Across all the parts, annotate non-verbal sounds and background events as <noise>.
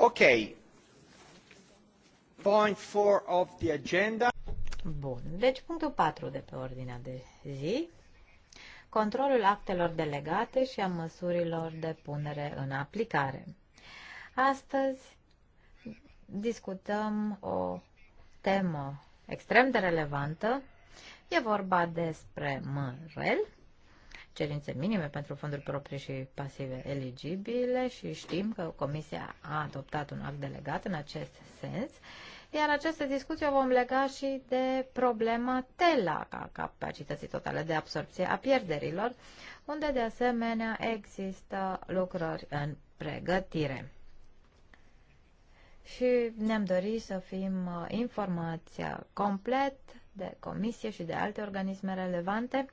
Okay. Point four of the agenda. Bun. Deci punctul 4 de pe ordinea de zi. Controlul actelor delegate și a măsurilor de punere în aplicare. Astăzi discutăm o temă extrem de relevantă. E vorba despre MREL, cerințe minime pentru fonduri proprii și pasive eligibile și știm că Comisia a adoptat un act delegat în acest sens. Iar această discuție o vom lega și de problema TELA, ca capacității totale de absorpție a pierderilor, unde de asemenea există lucrări în pregătire. Și ne-am dorit să fim uh, informația complet de comisie și de alte organisme relevante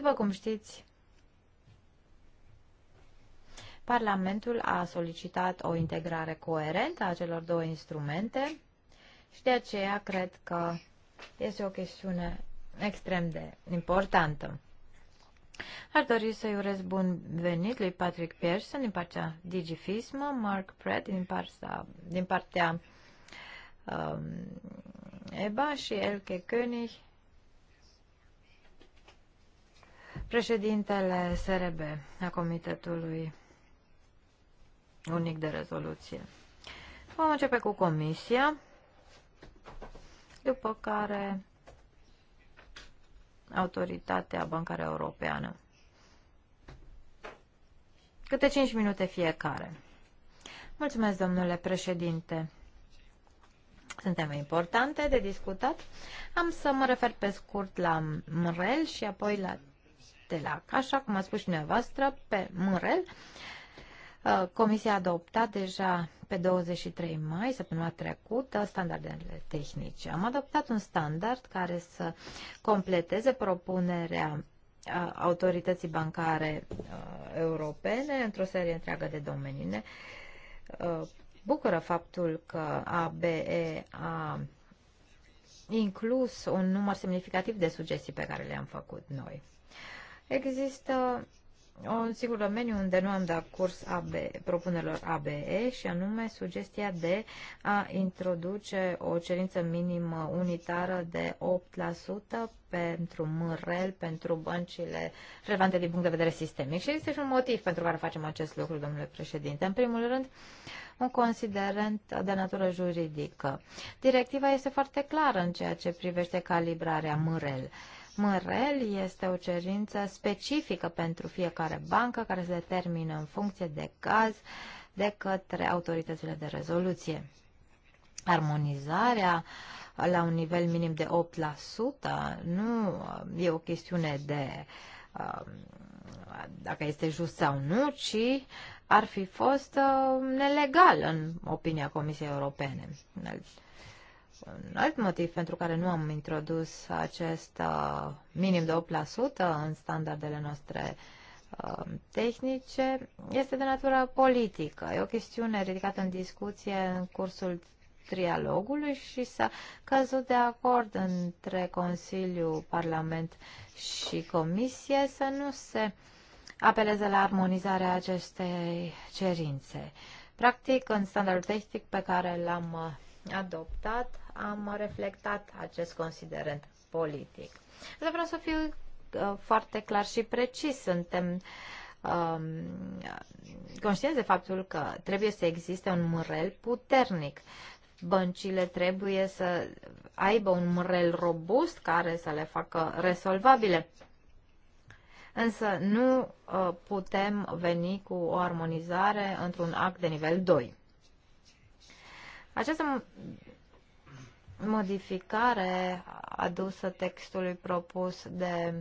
după cum știți, Parlamentul a solicitat o integrare coerentă a celor două instrumente și de aceea cred că este o chestiune extrem de importantă. Ar dori să-i urez bun venit lui Patrick Pearson din partea Digifismă, Mark Pratt din partea, din partea um, EBA și Elke König președintele SRB a Comitetului Unic de Rezoluție. Vom începe cu comisia, după care Autoritatea Bancară Europeană. Câte 5 minute fiecare. Mulțumesc, domnule președinte. Sunt teme importante de discutat. Am să mă refer pe scurt la MREL și apoi la de lac. Așa cum a spus și dumneavoastră, pe Mărel, uh, Comisia a adoptat deja pe 23 mai, săptămâna trecută, standardele tehnice. Am adoptat un standard care să completeze propunerea uh, autorității bancare uh, europene într-o serie întreagă de domenii. bucură faptul că ABE a inclus un număr semnificativ de sugestii pe care le-am făcut noi. Există un sigur domeniu unde nu am dat curs AB, propunerilor ABE și anume sugestia de a introduce o cerință minimă unitară de 8% pentru MREL, pentru băncile relevante din punct de vedere sistemic. Și există și un motiv pentru care facem acest lucru, domnule președinte. În primul rând, un considerent de natură juridică. Directiva este foarte clară în ceea ce privește calibrarea MREL. Uh, MREL este o cerință specifică pentru fiecare bancă care se determină în funcție de caz de către autoritățile de rezoluție. Armonizarea la un nivel minim de 8% nu uh, e o chestiune de uh, dacă este just sau nu, ci ar fi fost uh, nelegal în opinia Comisiei Europene un alt motiv pentru care nu am introdus acest uh, minim de 8% în standardele noastre uh, tehnice este de natură politică. E o chestiune ridicată în discuție în cursul trialogului și s-a căzut de acord între Consiliu, Parlament și Comisie să nu se apeleze la armonizarea acestei cerințe. Practic, în standardul tehnic pe care l-am uh, adoptat, am reflectat acest considerent politic. Dar vreau să fiu uh, foarte clar și precis. Suntem uh, conștienți de faptul că trebuie să existe un mărel puternic. Băncile trebuie să aibă un mărel robust care să le facă resolvabile. Însă nu uh, putem veni cu o armonizare într-un act de nivel 2. Această modificare adusă textului propus de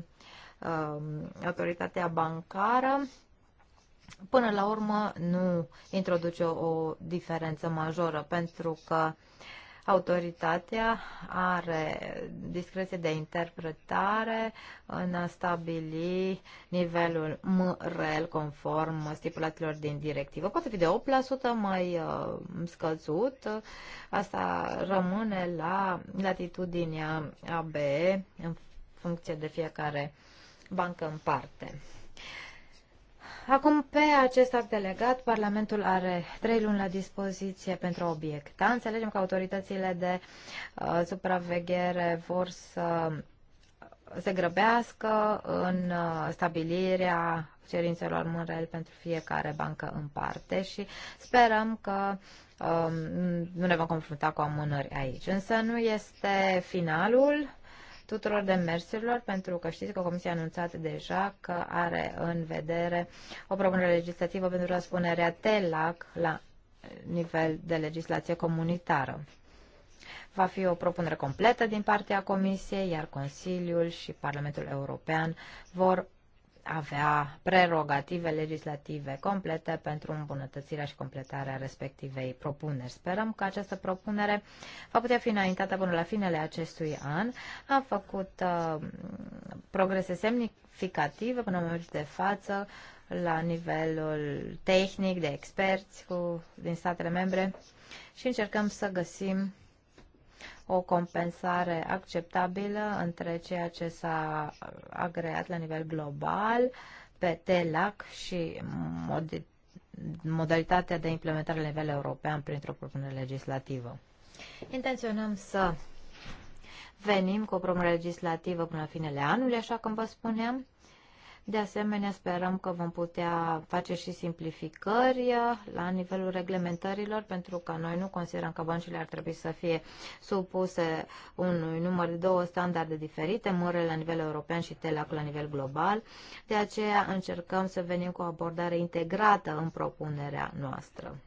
uh, autoritatea bancară până la urmă nu introduce o, o diferență majoră pentru că uh, Autoritatea are discreție de interpretare în a stabili nivelul MREL conform stipulațiilor din directivă. Poate fi de 8% mai uh, scăzut. Asta rămâne la latitudinea ABE în funcție de fiecare bancă în parte. Acum, pe acest act delegat, Parlamentul are trei luni la dispoziție pentru obiecta. Înțelegem că autoritățile de uh, supraveghere vor să se grăbească în uh, stabilirea cerințelor MREL pentru fiecare bancă în parte și sperăm că uh, nu ne vom confrunta cu amânări aici. Însă nu este finalul tuturor demersurilor, pentru că știți că Comisia a anunțat deja că are în vedere o propunere legislativă pentru răspunerea TELAC la nivel de legislație comunitară. Va fi o propunere completă din partea Comisiei, iar Consiliul și Parlamentul European vor avea prerogative legislative complete pentru îmbunătățirea și completarea respectivei propuneri. Sperăm că această propunere va putea fi înaintată până la finele acestui an. Am făcut uh, progrese semnificative până în momentul de față la nivelul tehnic de experți cu, din statele membre și încercăm să găsim o compensare acceptabilă între ceea ce s-a agreat la nivel global pe TELAC și mod- modalitatea de implementare la nivel european printr-o propunere legislativă. Intenționăm să venim cu o propunere legislativă până la finele anului, așa cum vă spuneam, de asemenea, sperăm că vom putea face și simplificări uh, la nivelul reglementărilor, pentru că noi nu considerăm că băncile ar trebui să fie supuse unui număr de două standarde diferite, mărele la nivel european și TELAC la nivel global. De aceea încercăm să venim cu o abordare integrată în propunerea noastră.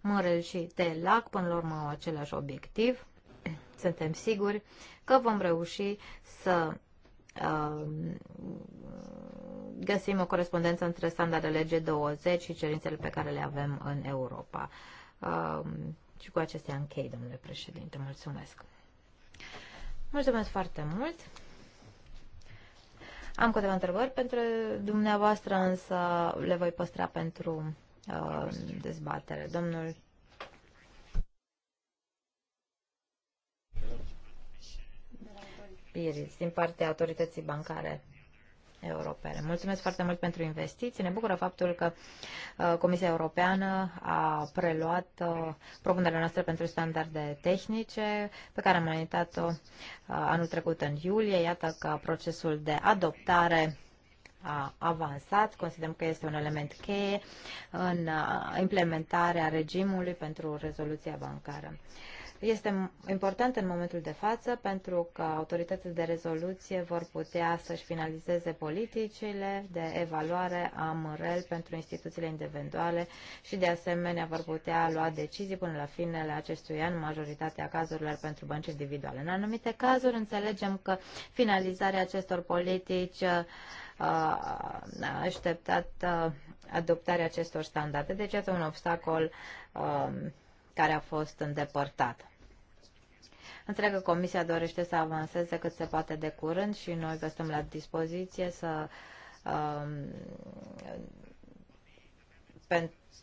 Mărel și TELAC, până la urmă, au același obiectiv. Suntem siguri că vom reuși să Um, găsim o corespondență între standardele G20 și cerințele pe care le avem în Europa. Um, și cu acestea închei, domnule președinte. Mulțumesc! Mulțumesc foarte mult! Am câteva întrebări pentru dumneavoastră, însă le voi păstra pentru uh, dezbatere. Domnul Spirit din partea autorității bancare europene. Mulțumesc foarte mult pentru investiții. Ne bucură faptul că uh, Comisia Europeană a preluat uh, propunerea noastră pentru standarde tehnice pe care am anunțat o uh, anul trecut în iulie. Iată că procesul de adoptare a avansat. Considerăm că este un element cheie în implementarea regimului pentru rezoluția bancară este important în momentul de față pentru că autoritățile de rezoluție vor putea să-și finalizeze politicile de evaluare a MRL pentru instituțiile individuale și de asemenea vor putea lua decizii până la finele acestui an, majoritatea cazurilor pentru bănci individuale. În anumite cazuri înțelegem că finalizarea acestor politici uh, a așteptat uh, adoptarea acestor standarde. Deci, este un obstacol a, uh, care a fost îndepărtat. Înțeleg că Comisia dorește să avanseze cât se poate de curând și noi vă stăm la dispoziție să um,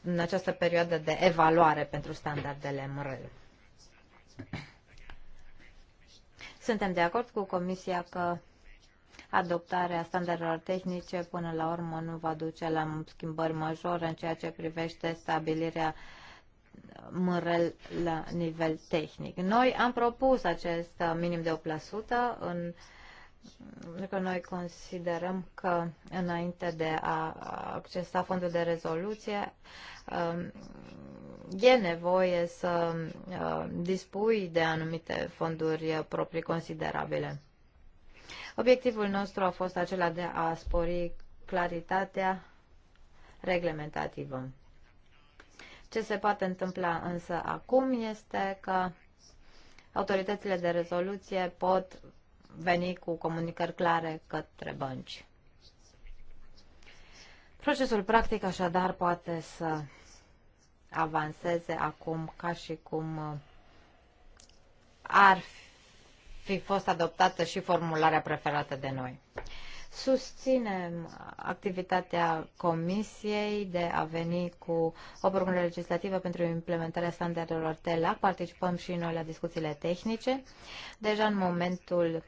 în această perioadă de evaluare pentru standardele MRL. Suntem de acord cu Comisia că adoptarea standardelor tehnice până la urmă nu va duce la schimbări majore în ceea ce privește stabilirea uh, mărel la nivel tehnic. Noi am propus acest uh, minim de 8% în că noi considerăm că înainte de a accesa fondul de rezoluție um, e nevoie să uh, dispui de anumite fonduri proprii considerabile. Obiectivul nostru a fost acela de a spori claritatea reglementativă. Ce se poate întâmpla însă acum este că autoritățile de rezoluție pot veni cu comunicări clare către bănci. Procesul practic așadar poate să avanseze acum ca și cum ar fi fost adoptată și formularea preferată de noi. Susținem activitatea Comisiei de a veni cu o propunere legislativă pentru implementarea standardelor TELAC. Participăm și noi la discuțiile tehnice. Deja în momentul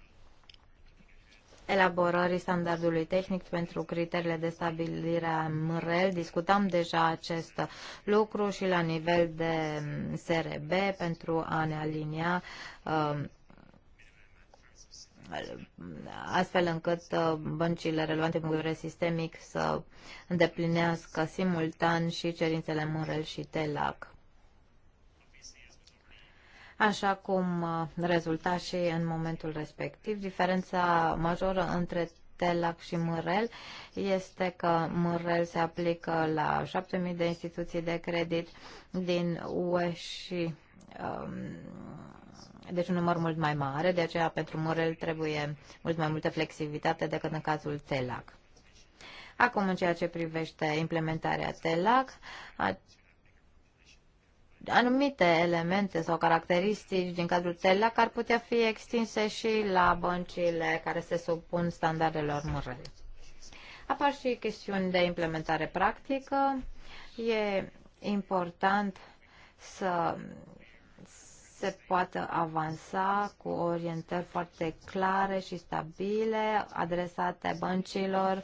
elaborării standardului tehnic pentru criteriile de stabilire a MREL. Discutam deja acest lucru și la nivel de SRB pentru a ne alinia um, astfel încât uh, băncile relevante cu vedere sistemic să îndeplinească simultan și cerințele MUREL și TELAC. Așa cum uh, rezulta și în momentul respectiv, diferența majoră între TELAC și murel este că murel se aplică la 7.000 de instituții de credit din UE și Um, deci un număr mult mai mare, de aceea pentru Murel trebuie mult mai multă flexibilitate decât în cazul TELAC. Acum, în ceea ce privește implementarea TELAC, anumite elemente sau caracteristici din cadrul TELAC ar putea fi extinse și la băncile care se supun standardelor Morel. Apar și chestiuni de implementare practică. E important să se poată avansa cu orientări foarte clare și stabile adresate băncilor uh,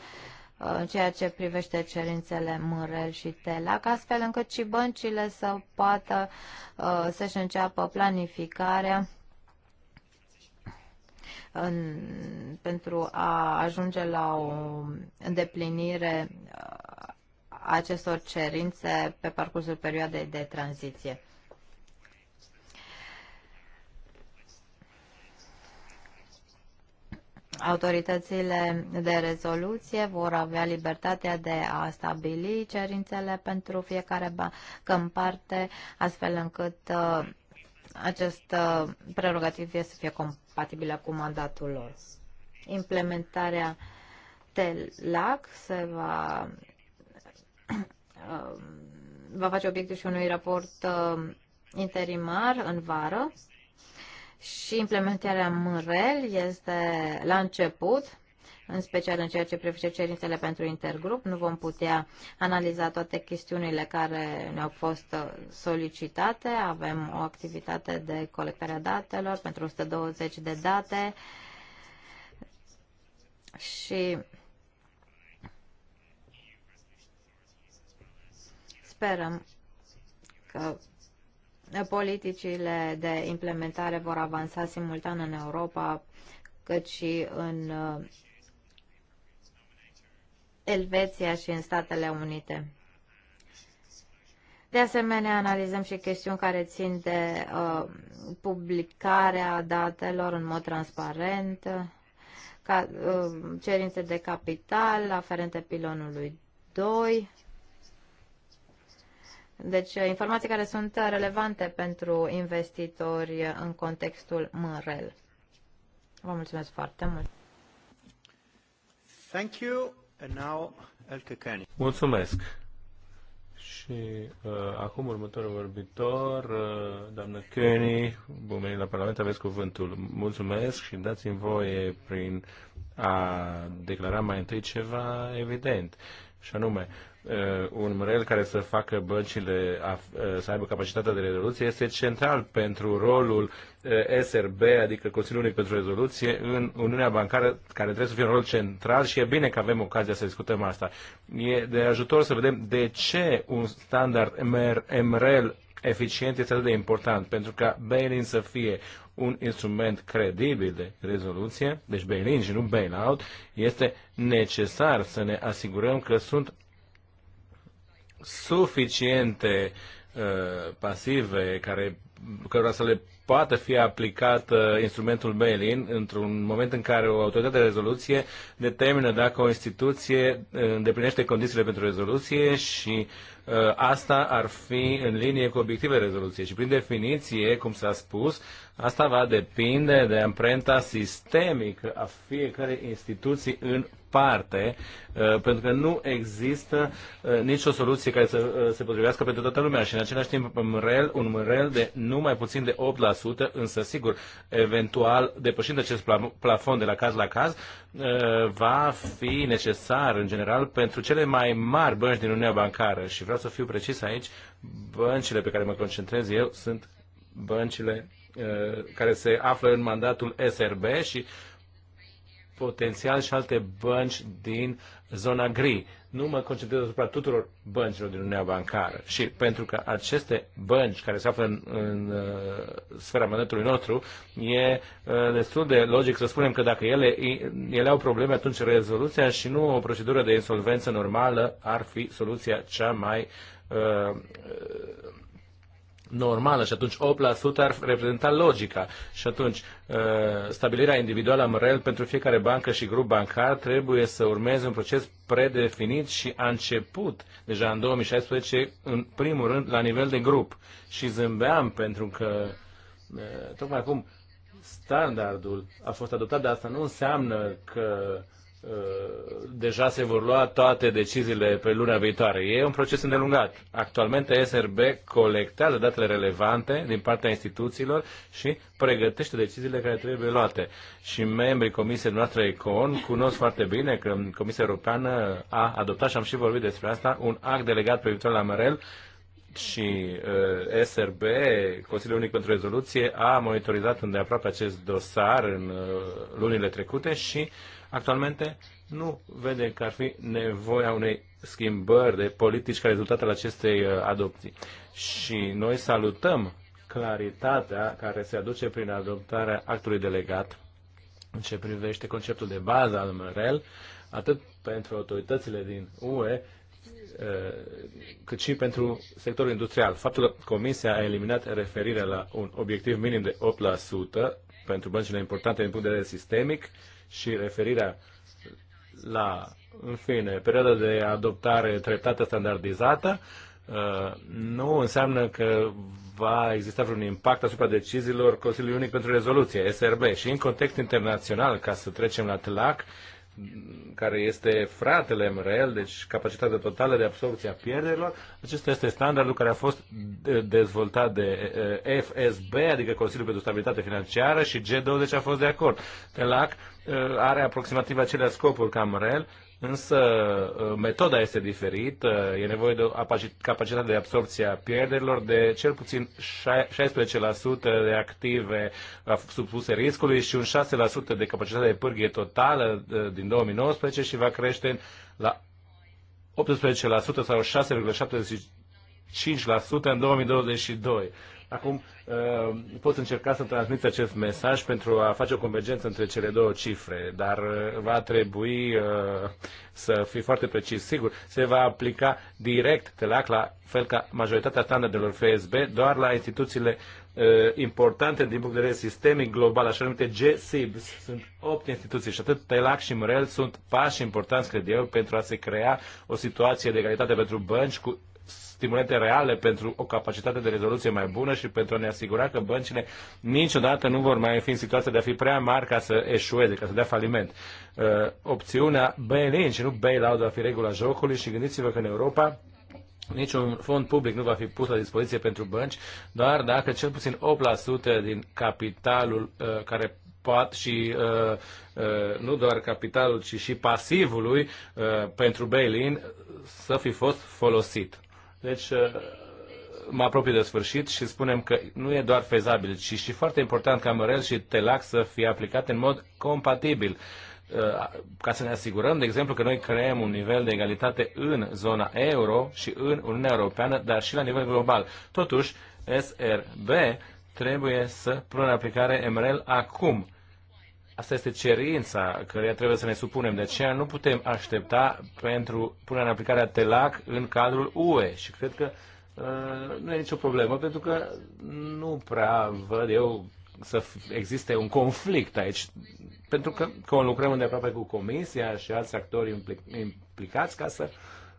în ceea ce privește cerințele MREL și TELAC, astfel încât și băncile să poată uh, să-și înceapă planificarea în, pentru a ajunge la o îndeplinire uh, acestor cerințe pe parcursul perioadei de tranziție. Autoritățile de rezoluție vor avea libertatea de a stabili cerințele pentru fiecare bancă în parte, astfel încât uh, acest uh, prerogativ este să fie compatibilă cu mandatul lor. Implementarea TELAC se va, uh, va face obiectul și unui raport interimar în vară și implementarea MRL este la început, în special în ceea ce privește cerințele pentru intergrup. Nu vom putea analiza toate chestiunile care ne-au fost uh, solicitate. Avem o activitate de colectare a datelor pentru 120 de date și sperăm că politicile de implementare vor avansa simultan în Europa, cât și în uh, Elveția și în Statele Unite. De asemenea, analizăm și chestiuni care țin de uh, publicarea datelor în mod transparent, ca, uh, cerințe de capital aferente pilonului 2, deci, uh, informații care sunt uh, relevante pentru investitori uh, în contextul MREL. Vă mulțumesc foarte mult. Thank you. And now, Elke Mulțumesc. Și uh, acum următorul vorbitor, uh, doamnă Căni, bun venit la Parlament, aveți cuvântul. Mulțumesc și dați-mi voie prin a declara mai întâi ceva evident. Și anume, uh, Uh, un MREL care să facă băncile uh, să aibă capacitatea de rezoluție este central pentru rolul uh, SRB, adică Consiliul Unic pentru Rezoluție, în Uniunea Bancară, care trebuie să fie un rol central și e bine că avem ocazia să discutăm asta. E de ajutor să vedem de ce un standard MREL eficient este atât de important, pentru ca bail-in să fie un instrument credibil de rezoluție, deci bail-in și nu bail-out, este necesar să ne asigurăm că sunt suficiente uh, pasive care, cărora să le poată fi aplicat uh, instrumentul bail-in într-un moment în care o autoritate de rezoluție determină dacă o instituție uh, îndeplinește condițiile pentru rezoluție și uh, asta ar fi în linie cu obiectivele rezoluției. Și prin definiție, cum s-a spus, asta va depinde de amprenta sistemică a fiecarei instituții în parte, uh, pentru că nu există uh, nicio soluție care să uh, se potrivească pentru toată lumea și în același timp MREL, un MREL de numai puțin de 8%, însă sigur, eventual, depășind acest plafon de la caz la caz, va fi necesar în general pentru cele mai mari bănci din Uniunea Bancară și vreau să fiu precis aici, băncile pe care mă concentrez eu sunt băncile care se află în mandatul SRB și potențial și alte bănci din zona gri. Nu mă concentrez asupra tuturor băncilor din Uniunea Bancară. Și pentru că aceste bănci care se află în, în uh, sfera mănătului nostru, e uh, destul de logic să spunem că dacă ele, ele au probleme, atunci rezoluția și nu o procedură de insolvență normală ar fi soluția cea mai uh, normală și atunci 8% ar reprezenta logica. Și atunci uh, stabilirea individuală a MREL pentru fiecare bancă și grup bancar trebuie să urmeze un proces predefinit și a început deja în 2016, în primul rând, la nivel de grup. Și zâmbeam pentru că uh, tocmai acum standardul a fost adoptat, dar asta nu înseamnă că deja se vor lua toate deciziile pe luna viitoare. E un proces îndelungat. Actualmente SRB colectează datele relevante din partea instituțiilor și pregătește deciziile care trebuie luate. Și membrii Comisiei noastre ECON cunosc foarte bine că Comisia Europeană a adoptat, și am și vorbit despre asta, un act delegat privitor la Mărel și uh, SRB, Consiliul Unic pentru Rezoluție, a monitorizat îndeaproape acest dosar în uh, lunile trecute și uh, actualmente nu vede că ar fi nevoia unei schimbări de politici ca rezultat al acestei uh, adopții. Și noi salutăm claritatea care se aduce prin adoptarea actului delegat în ce privește conceptul de bază al MREL, atât pentru autoritățile din UE, uh, cât și pentru sectorul industrial. Faptul că Comisia a eliminat referirea la un obiectiv minim de 8% pentru băncile importante din punct de vedere sistemic, și referirea la, în fine, perioada de adoptare treptată standardizată, uh, nu înseamnă că va exista vreun impact asupra deciziilor Consiliului Unic pentru Rezoluție, SRB. Și în context internațional, ca să trecem la TLAC, care este fratele MRL, deci capacitatea totală de absorpție a pierderilor. Acesta este standardul care a fost dezvoltat de eh, FSB, adică Consiliul pentru Stabilitate Financiară și G20 a fost de acord. TELAC eh, are aproximativ acelea scopuri ca MRL Însă uh, metoda este diferită, e nevoie de o capacitate de absorpție a pierderilor de cel puțin 16% de active supuse riscului și un 6% de capacitate de pârghie totală uh, din 2019 și va crește la 18% sau 6,75% în 2022. Acum uh, pot încerca să transmit acest mesaj pentru a face o convergență între cele două cifre, dar uh, va trebui uh, să fii foarte precis. Sigur, se va aplica direct TELAC la fel ca majoritatea standardelor FSB, doar la instituțiile importante din punct de vedere sistemic global, așa numite GSIBs. Sunt 8 instituții și atât TELAC și MREL sunt pași importanți, cred eu, pentru a se crea o situație de egalitate pentru bănci cu stimulente reale pentru o capacitate de rezoluție mai bună și pentru a ne asigura că băncile niciodată nu vor mai fi în situația de a fi prea mari ca să eșueze, ca să dea faliment. Uh, opțiunea bail-in și nu bail-out va fi regula jocului și gândiți-vă că în Europa Niciun fond public nu va fi pus la dispoziție pentru bănci, doar dacă cel puțin 8% din capitalul uh, care poate și uh, uh, nu doar capitalul, ci și pasivului uh, pentru bail-in să fi fost folosit. Deci, uh, mă apropii de sfârșit și spunem că nu e doar fezabil, ci și foarte important ca Morel și Telac să fie aplicate în mod compatibil uh, ca să ne asigurăm, de exemplu, că noi creăm un nivel de egalitate în zona euro și în Uniunea Europeană, dar și la nivel global. Totuși, SRB trebuie să pună în aplicare MRL acum Asta este cerința care trebuie să ne supunem. De aceea nu putem aștepta pentru punerea în aplicare a TELAC în cadrul UE. Și cred că uh, nu e nicio problemă, pentru că nu prea văd eu să existe un conflict aici. Pentru că, că lucrăm îndeaproape cu Comisia și alți actori implic- implicați ca să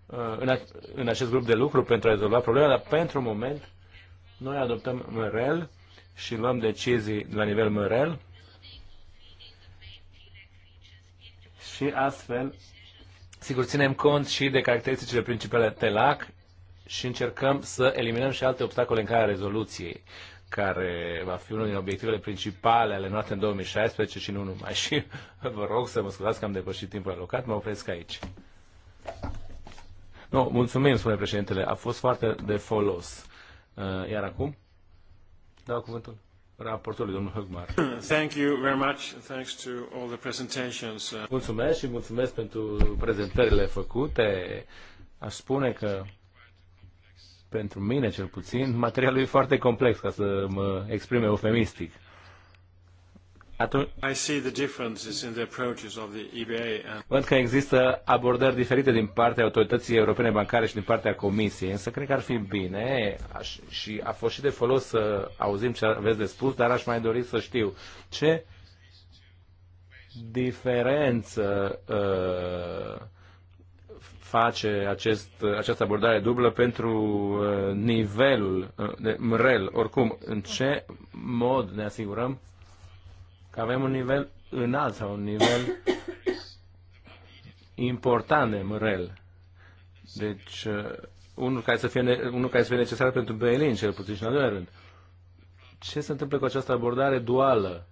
uh, în, a, în acest grup de lucru pentru a rezolva problema, dar pentru moment noi adoptăm MREL și luăm decizii la nivel MREL și astfel, sigur, ținem cont și de caracteristicile principale TELAC și încercăm să eliminăm și alte obstacole în calea rezoluției care va fi unul din obiectivele principale ale noastre în 2016 și nu numai. <laughs> Și vă rog să mă scuzați că am depășit timpul alocat, mă opresc aici. Nu, mulțumim, spune președintele, a fost foarte de folos. Uh, iar acum, dau cuvântul raportorului, domnul Högmar. Thank you very much. Thanks to all the presentations. Uh, mulțumesc și mulțumesc pentru prezentările făcute. Aș spune că pentru mine cel puțin, materialul e foarte complex, ca să mă exprime eufemistic. Atunci, Văd că există abordări diferite din partea autorității europene bancare și din partea comisiei, însă cred că ar fi bine și a fost și de folos să auzim ce aveți de spus, dar aș mai dori să știu ce diferență uh, face acest, această abordare dublă pentru uh, nivelul uh, de MREL. Oricum, în ce mod ne asigurăm că avem un nivel înalt sau un nivel important de mărel. Deci, uh, unul care să fie, unul care să fie necesar pentru Berlin, cel puțin și în al doilea rând. Ce se întâmplă cu această abordare duală?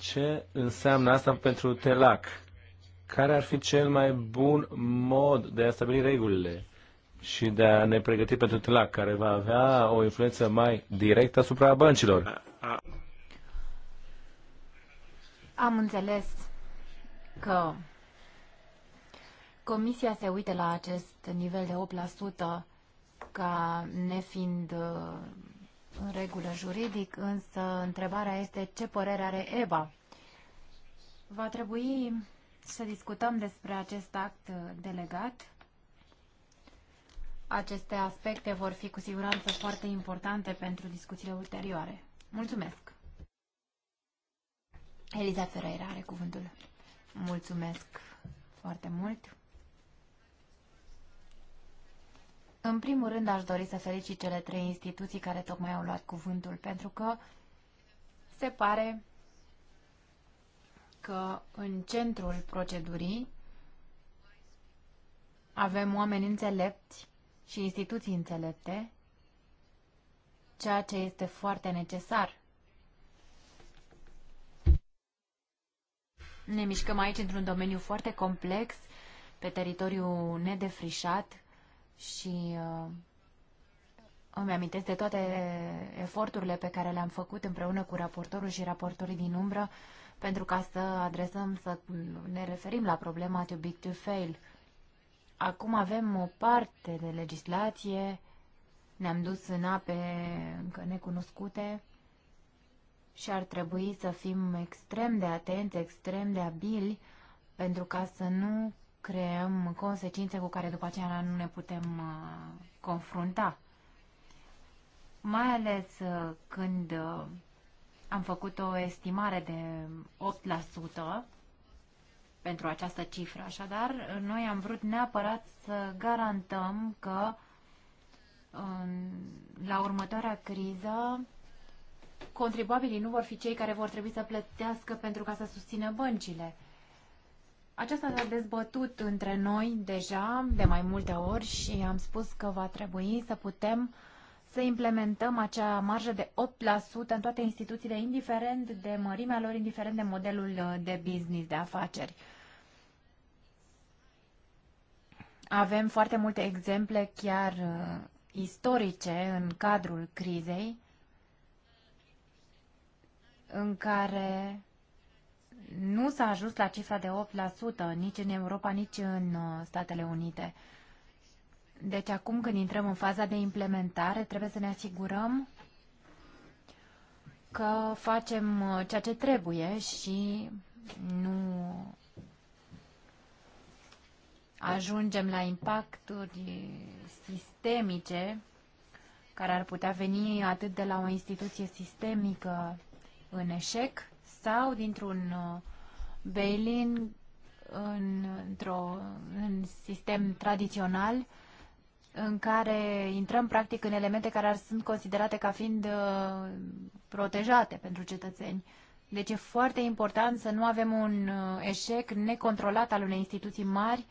Ce înseamnă asta pentru TELAC? Care ar fi cel mai bun mod de a stabili regulile? și de a ne pregăti pentru TLAC, care va avea o influență mai directă asupra băncilor. Am înțeles că Comisia se uită la acest nivel de 8% ca nefiind uh, în regulă juridic, însă întrebarea este ce părere are EBA. Va trebui să discutăm despre acest act delegat aceste aspecte vor fi cu siguranță foarte importante pentru discuțiile ulterioare. Mulțumesc! Eliza Ferreira are cuvântul. Mulțumesc foarte mult! În primul rând aș dori să felicit cele trei instituții care tocmai au luat cuvântul, pentru că se pare că în centrul procedurii avem oameni înțelepți și instituții înțelepte, ceea ce este foarte necesar. Ne mișcăm aici într-un domeniu foarte complex, pe teritoriu nedefrișat și uh, îmi amintesc de toate eforturile pe care le-am făcut împreună cu raportorul și raportorii din umbră pentru ca să adresăm, să ne referim la problema too big to fail. Acum avem o parte de legislație, ne-am dus în ape încă necunoscute și ar trebui să fim extrem de atenți, extrem de abili, pentru ca să nu creăm consecințe cu care după aceea nu ne putem uh, confrunta. Mai ales uh, când uh, am făcut o estimare de pentru această cifră. Așadar, noi am vrut neapărat să garantăm că la următoarea criză contribuabilii nu vor fi cei care vor trebui să plătească pentru ca să susțină băncile. Aceasta s-a dezbătut între noi deja de mai multe ori și am spus că va trebui să putem să implementăm acea marjă de 8% în toate instituțiile, indiferent de mărimea lor, indiferent de modelul uh, de business, de afaceri. Avem foarte multe exemple chiar uh, istorice în cadrul crizei în care nu s-a ajuns la cifra de 8% nici în Europa, nici în uh, Statele Unite. Deci acum când intrăm în faza de implementare, trebuie să ne asigurăm că facem uh, ceea ce trebuie și nu ajungem la impacturi sistemice care ar putea veni atât de la o instituție sistemică în eșec sau dintr-un uh, bail-in în, într-un în sistem tradițional în care intrăm practic în elemente care ar sunt considerate ca fiind uh, protejate pentru cetățeni. deci e foarte important să nu avem un uh, eșec necontrolat al unei instituții mari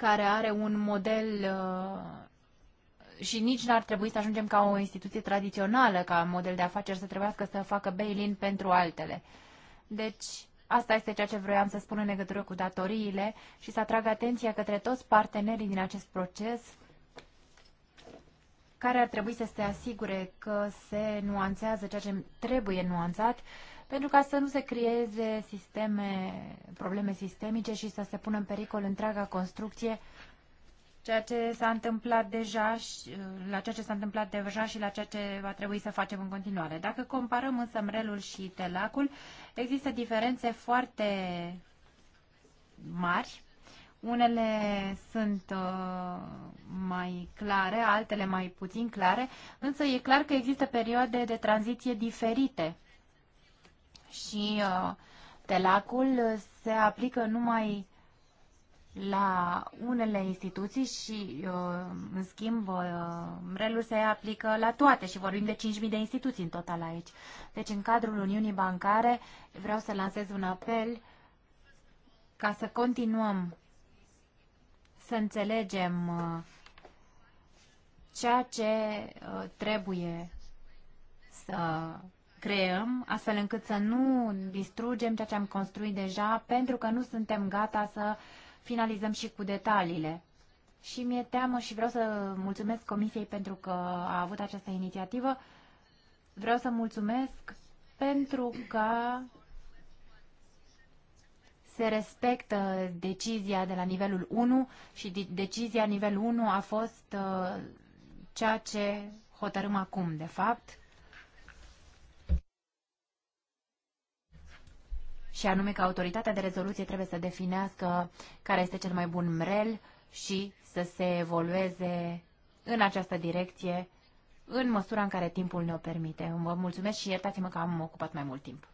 care are un model uh, și nici n-ar trebui să ajungem ca o instituție tradițională, ca model de afaceri, să trebuiască să facă bail-in pentru altele. Deci, asta este ceea ce vroiam să spun în legătură cu datoriile și să atrag atenția către toți partenerii din acest proces care ar trebui să se asigure că se nuanțează ceea ce trebuie nuanțat pentru ca să nu se creeze sisteme, probleme sistemice și să se pună în pericol întreaga construcție, ceea ce s-a întâmplat deja și, la ceea ce s-a întâmplat deja și la ceea ce va trebui să facem în continuare. Dacă comparăm însă mrelul și telacul, există diferențe foarte mari unele sunt uh, mai clare, altele mai puțin clare, însă e clar că există perioade de tranziție diferite și uh, telacul se aplică numai la unele instituții și, uh, în schimb, MREL-ul uh, se aplică la toate și vorbim de 5.000 de instituții în total aici. Deci, în cadrul Uniunii Bancare, vreau să lansez un apel ca să continuăm să înțelegem ceea ce trebuie să creăm, astfel încât să nu distrugem ceea ce am construit deja, pentru că nu suntem gata să finalizăm și cu detaliile. Și mi-e teamă și vreau să mulțumesc Comisiei pentru că a avut această inițiativă. Vreau să mulțumesc pentru că se respectă decizia de la nivelul 1 și decizia nivelul 1 a fost uh, ceea ce hotărâm acum, de fapt. și anume că autoritatea de rezoluție trebuie să definească care este cel mai bun MREL și să se evolueze în această direcție în măsura în care timpul ne-o permite. Vă mulțumesc și iertați-mă că am ocupat mai mult timp.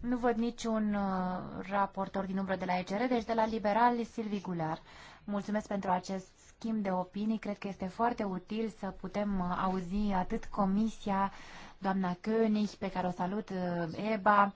Nu văd niciun uh, raportor din umbră de la ECR, deci de la liberal Silvi Gular. Mulțumesc pentru acest schimb de opinii. Cred că este foarte util să putem uh, auzi atât comisia doamna König, pe care o salut, uh, Eba,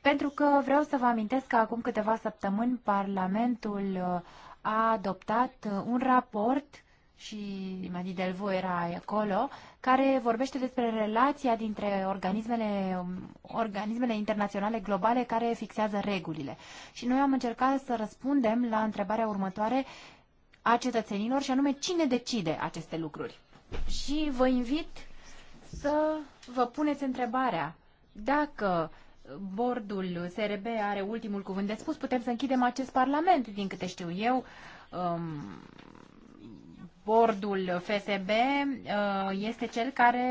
pentru că vreau să vă amintesc că acum câteva săptămâni Parlamentul uh, a adoptat uh, un raport și Madi Delvo era acolo, care vorbește despre relația dintre organismele, organismele internaționale globale care fixează regulile. Și noi am încercat să răspundem la întrebarea următoare a cetățenilor și anume cine decide aceste lucruri. Și vă invit să vă puneți întrebarea dacă bordul SRB are ultimul cuvânt de spus, putem să închidem acest parlament, din câte știu eu. Um, bordul FSB uh, este cel care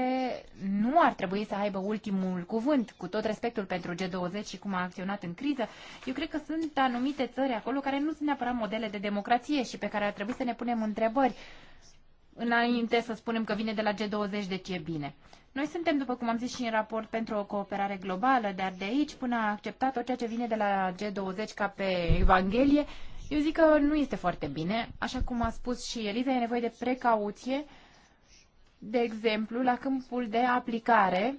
nu ar trebui să aibă ultimul cuvânt, cu tot respectul pentru G20 și cum a acționat în criză. Eu cred că sunt anumite țări acolo care nu sunt neapărat modele de democrație și pe care ar trebui să ne punem întrebări înainte să spunem că vine de la G20, deci e bine. Noi suntem, după cum am zis și în raport, pentru o cooperare globală, dar de aici până a accepta tot ceea ce vine de la G20 ca pe Evanghelie, eu zic că nu este foarte bine. Așa cum a spus și Eliza, e nevoie de precauție, de exemplu, la câmpul de aplicare,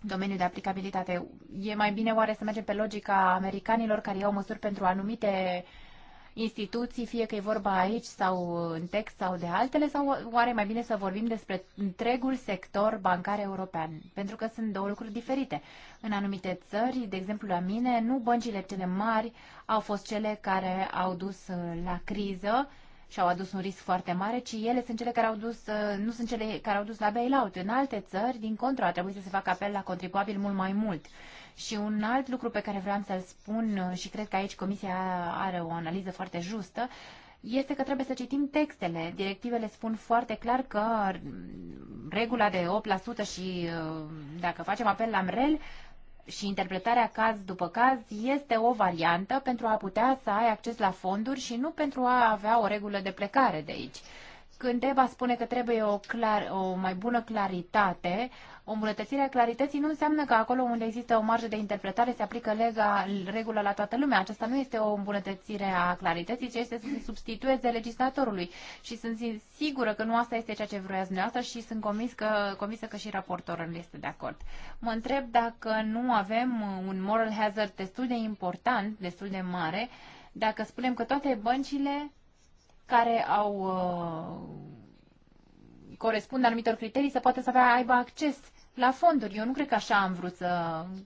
domeniul de aplicabilitate. E mai bine oare să mergem pe logica americanilor care iau măsuri pentru anumite uh, instituții, fie că e vorba aici sau în text sau de altele, sau oare mai bine să vorbim despre întregul sector bancar european? Pentru că sunt două lucruri diferite. În anumite țări, de exemplu la mine, nu băncile cele mari au fost cele care au dus uh, la criză și au adus un risc foarte mare, ci ele sunt cele care au dus, uh, nu sunt cele care au dus la bailout. În alte țări, din contră, a trebuit să se facă apel la contribuabil mult mai mult. Și un alt lucru pe care vreau să-l spun uh, și cred că aici Comisia are o analiză foarte justă, este că trebuie să citim textele. Directivele spun foarte clar că uh, regula de 8% și uh, dacă facem apel la MREL și interpretarea caz după caz este o variantă pentru a putea să ai acces la fonduri și nu pentru a avea o regulă de plecare de aici. Când EBA spune că trebuie o, clar, o mai bună claritate, o îmbunătățire a clarității nu înseamnă că acolo unde există o marjă de interpretare se aplică lega, regula la toată lumea. Aceasta nu este o îmbunătățire a clarității, ci este să se substitueze legislatorului. Și sunt sigură că nu asta este ceea ce vroiați dumneavoastră și sunt convins că, convinsă că și raportorul este de acord. Mă întreb dacă nu avem un moral hazard destul de important, destul de mare, dacă spunem că toate băncile care au uh, corespund anumitor criterii să poată să avea, aibă acces la fonduri. Eu nu cred că așa am vrut să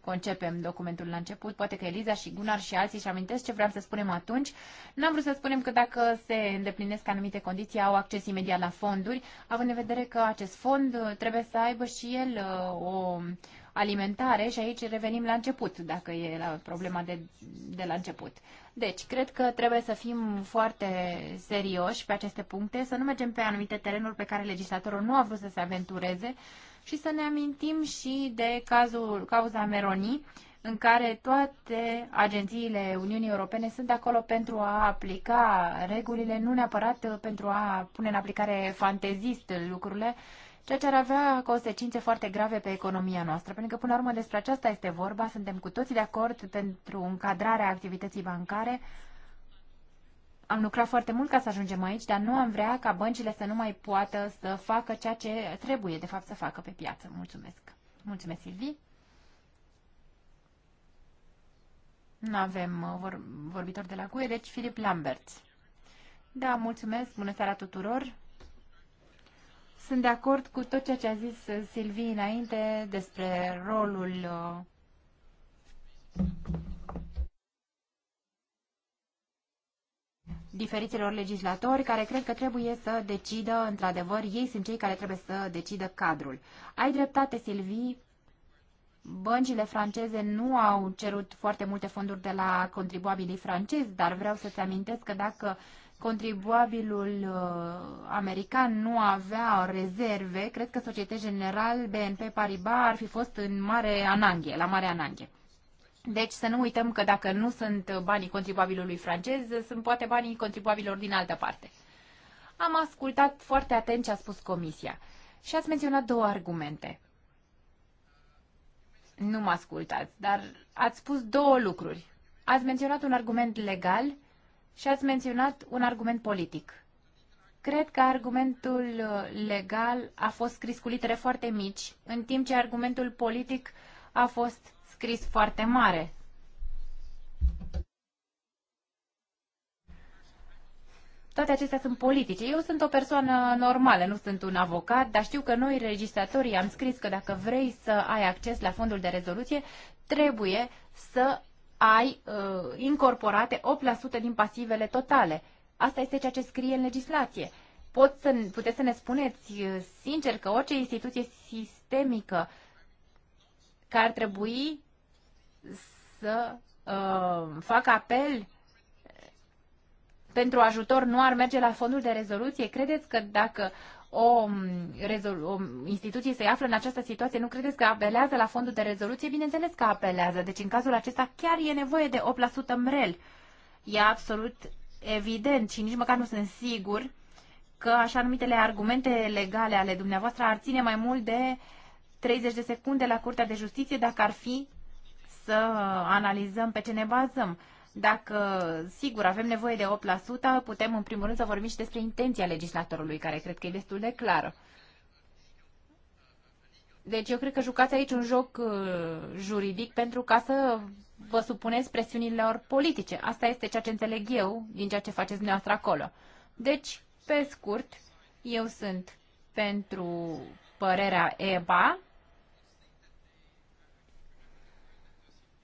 concepem documentul la început. Poate că Eliza și Gunnar și alții și amintesc ce vreau să spunem atunci. N-am vrut să spunem că dacă se îndeplinesc anumite condiții, au acces imediat la fonduri, având în vedere că acest fond trebuie să aibă și el uh, o alimentare și aici revenim la început, dacă e la problema de, de la început. Deci, cred că trebuie să fim foarte serioși pe aceste puncte, să nu mergem pe anumite terenuri pe care legislatorul nu a vrut să se aventureze și să ne amintim și de cazul, cauza Meroni, în care toate agențiile Uniunii Europene sunt acolo pentru a aplica regulile, nu neapărat pentru a pune în aplicare fantezist lucrurile, ceea ce ar avea consecințe foarte grave pe economia noastră, pentru că până la urmă despre aceasta este vorba, suntem cu toții de acord pentru încadrarea activității bancare. Am lucrat foarte mult ca să ajungem aici, dar nu am vrea ca băncile să nu mai poată să facă ceea ce trebuie, de fapt, să facă pe piață. Mulțumesc. Mulțumesc, Silvi. Nu avem uh, vor, vorbitor de la CUE, deci Filip Lambert. Da, mulțumesc, bună seara tuturor. Sunt de acord cu tot ceea ce a zis uh, Silvii înainte despre rolul uh, diferiților legislatori care cred că trebuie să decidă, într-adevăr, ei sunt cei care trebuie să decidă cadrul. Ai dreptate, Silvii, băncile franceze nu au cerut foarte multe fonduri de la contribuabilii francezi, dar vreau să-ți amintesc că dacă uh, contribuabilul uh, american nu avea rezerve, cred că Societe General, BNP Paribas ar fi fost în mare ananghe, la mare ananghe. Deci să nu uităm că dacă nu sunt banii contribuabilului francez, sunt poate banii contribuabililor din altă parte. Am ascultat foarte atent ce a spus comisia și ați menționat două argumente. Nu mă ascultați, dar ați spus două lucruri. Ați menționat un argument legal și ați menționat un argument politic. Cred că argumentul uh, legal a fost scris cu litere foarte mici, în timp ce argumentul politic a fost scris foarte mare. Toate acestea sunt politice. Eu sunt o persoană normală, nu sunt un avocat, dar știu că noi, registratorii, am scris că dacă vrei să ai acces la fondul de rezoluție, trebuie să ai uh, incorporate 8% din pasivele totale. Asta este ceea ce scrie în legislație. Pot să, puteți să ne spuneți uh, sincer că orice instituție sistemică care ar trebui să uh, facă apel pentru ajutor nu ar merge la fondul de rezoluție? Credeți că dacă o, mm, o mm, instituție se află în această situație, nu credeți că apelează la fondul de rezoluție? Bineînțeles că apelează. Deci în cazul acesta chiar e nevoie de 8% MREL. E absolut evident și nici măcar nu sunt sigur că așa numitele argumente legale ale dumneavoastră ar ține mai mult de 30 de secunde la Curtea de Justiție dacă ar fi să analizăm pe ce ne bazăm. Dacă, sigur, avem nevoie de 8%, putem, în primul rând, să vorbim și despre intenția legislatorului, care cred că e destul de clară. Deci eu cred că jucați aici un joc uh, juridic pentru ca să vă supuneți presiunilor politice. Asta este ceea ce înțeleg eu din ceea ce faceți dumneavoastră acolo. Deci, pe scurt, eu sunt pentru părerea EBA,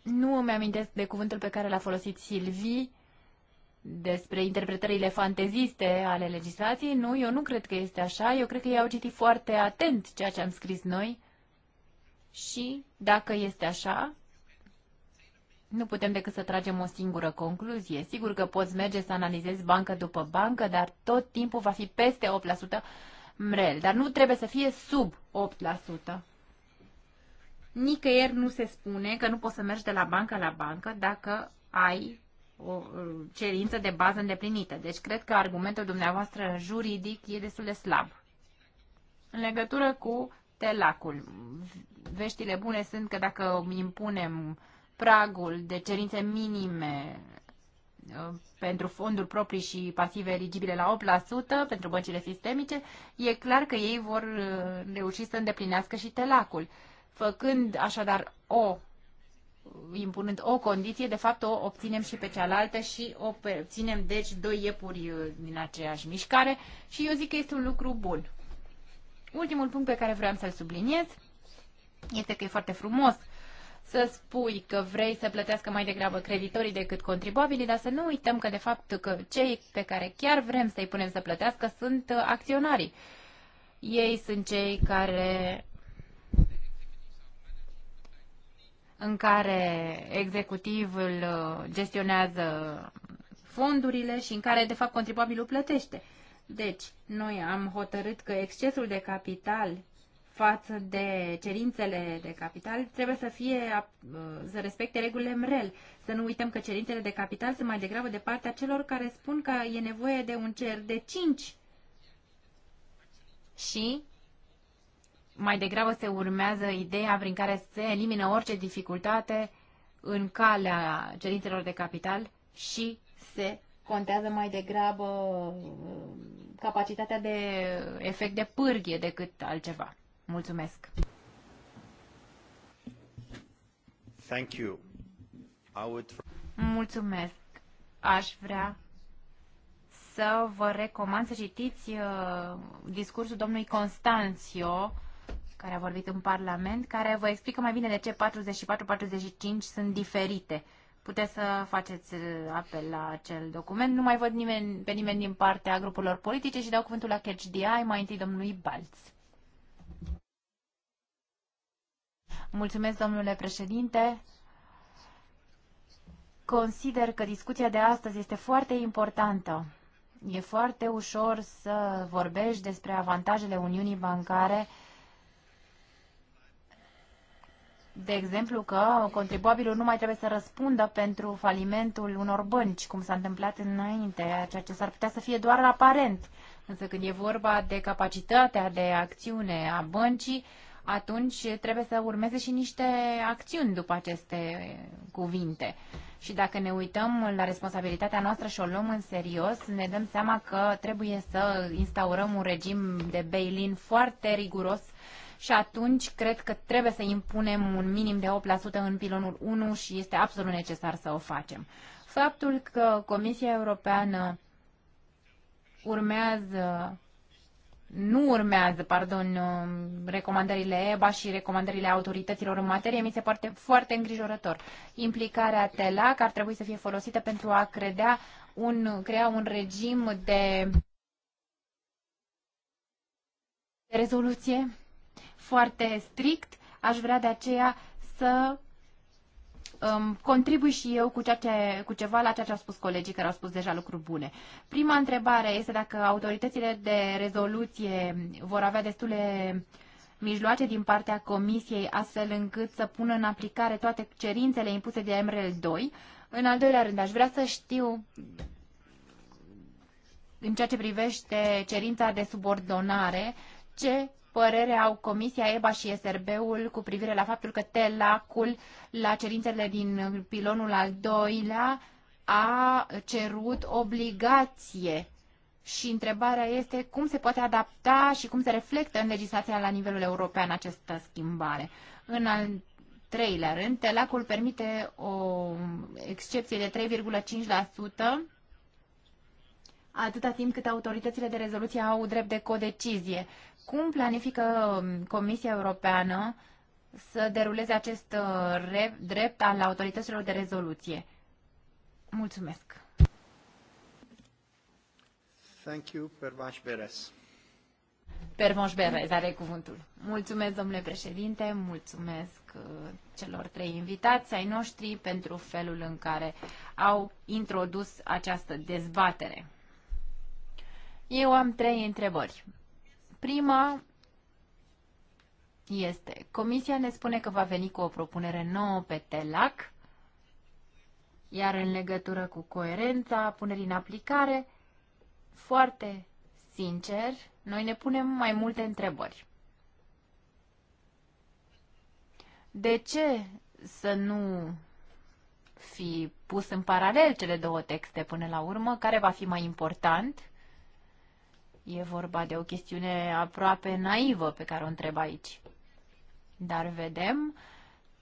Nu îmi amintesc de cuvântul pe care l-a folosit Silvi despre interpretările fanteziste ale legislației. Nu, eu nu cred că este așa. Eu cred că ei au citit foarte atent ceea ce am scris noi și, dacă este așa, nu putem decât să tragem o singură concluzie. Sigur că poți merge să analizezi bancă după bancă, dar tot timpul va fi peste 8% MREL, dar nu trebuie să fie sub 8%. Nicăieri nu se spune că nu poți să mergi de la bancă la bancă dacă ai o uh, cerință de bază îndeplinită. Deci cred că argumentul dumneavoastră juridic e destul de slab. În legătură cu telacul, veștile bune sunt că dacă impunem pragul de cerințe minime uh, pentru fonduri proprii și pasive eligibile la 8% pentru băncile sistemice, e clar că ei vor uh, reuși să îndeplinească și telacul. Făcând așadar o impunând o condiție, de fapt o obținem și pe cealaltă și o obținem deci doi iepuri uh, din aceeași mișcare și eu zic că este un lucru bun. Ultimul punct pe care vreau să-l subliniez este că e foarte frumos să spui că vrei să plătească mai degrabă creditorii decât contribuabilii, dar să nu uităm că de fapt că cei pe care chiar vrem să-i punem să plătească sunt uh, acționarii. Ei sunt cei care în care executivul uh, gestionează fondurile și în care, de fapt, contribuabilul plătește. Deci, noi am hotărât că excesul de capital față de cerințele de capital trebuie să fie uh, să respecte regulile MREL. Să nu uităm că cerințele de capital sunt mai degrabă de partea celor care spun că e nevoie de un cer de 5 și mai degrabă se urmează ideea prin care se elimină orice dificultate în calea cerințelor de capital și se contează mai degrabă uh, capacitatea de efect de pârghie decât altceva. Mulțumesc! Thank you. I would... Mulțumesc! Aș vrea să vă recomand să citiți uh, discursul domnului Constanțio care a vorbit în Parlament, care vă explică mai bine de ce 44-45 sunt diferite. Puteți să faceți uh, apel la acel document. Nu mai văd nimeni, pe nimeni din partea grupurilor politice și dau cuvântul la CatchDI, mai întâi domnului Balț. Mulțumesc, domnule președinte. Consider că discuția de astăzi este foarte importantă. E foarte ușor să vorbești despre avantajele Uniunii Bancare de exemplu, că contribuabilul nu mai trebuie să răspundă pentru falimentul unor bănci, cum s-a întâmplat înainte, ceea ce s-ar putea să fie doar aparent. Însă când e vorba de capacitatea de acțiune a băncii, atunci trebuie să urmeze și niște acțiuni după aceste cuvinte. Și dacă ne uităm la responsabilitatea noastră și o luăm în serios, ne dăm seama că trebuie să instaurăm un regim de bail-in foarte riguros și atunci cred că trebuie să impunem un minim de 8% în pilonul 1 și este absolut necesar să o facem. Faptul că Comisia Europeană urmează nu urmează, pardon, um, recomandările EBA și recomandările autorităților în materie, mi se pare foarte îngrijorător. Implicarea TELAC ar trebui să fie folosită pentru a credea un, crea un regim de rezoluție foarte strict. Aș vrea de aceea să um, contribui și eu cu, ceea ce, cu ceva la ceea ce au spus colegii care au spus deja lucruri bune. Prima întrebare este dacă autoritățile de rezoluție vor avea destule mijloace din partea Comisiei astfel încât să pună în aplicare toate cerințele impuse de MRL 2. În al doilea rând, aș vrea să știu în ceea ce privește cerința de subordonare, ce părere au Comisia EBA și SRB-ul cu privire la faptul că TELAC-ul la cerințele din pilonul al doilea a cerut obligație și întrebarea este cum se poate adapta și cum se reflectă în legislația la nivelul european această schimbare. În al treilea rând, telacul permite o excepție de 3,5% atâta timp cât autoritățile de rezoluție au drept de codecizie. Cum planifică um, Comisia Europeană să deruleze acest uh, drept al autorităților de rezoluție? Mulțumesc! Thank you, Pervaș Beres. Permoș Beres are cuvântul. Mulțumesc, domnule președinte, mulțumesc uh, celor trei invitați ai noștri pentru felul în care au introdus această dezbatere. Eu am trei întrebări. Prima este, Comisia ne spune că va veni cu o propunere nouă pe TELAC, iar în legătură cu coerența punerii în aplicare, foarte sincer, noi ne punem mai multe întrebări. De ce să nu fi pus în paralel cele două texte până la urmă? Care va fi mai important? E vorba de o chestiune aproape naivă pe care o întreb aici. Dar vedem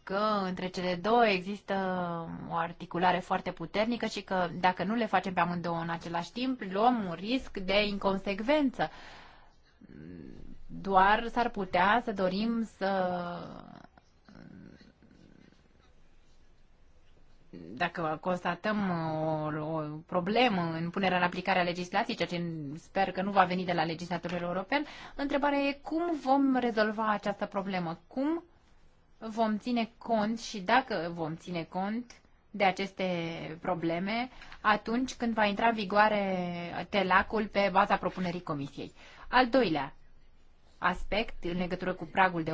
că între cele două există o articulare foarte puternică și că dacă nu le facem pe amândouă în același timp, luăm un risc de inconsecvență. Doar s-ar putea să dorim să dacă constatăm uh, o, o problemă în punerea în aplicare a legislației, ceea ce sper că nu va veni de la legislatorul european, întrebarea e cum vom rezolva această problemă? Cum vom ține cont și dacă vom ține cont de aceste probleme atunci când va intra în vigoare telacul pe baza propunerii comisiei? Al doilea, aspect în legătură cu pragul de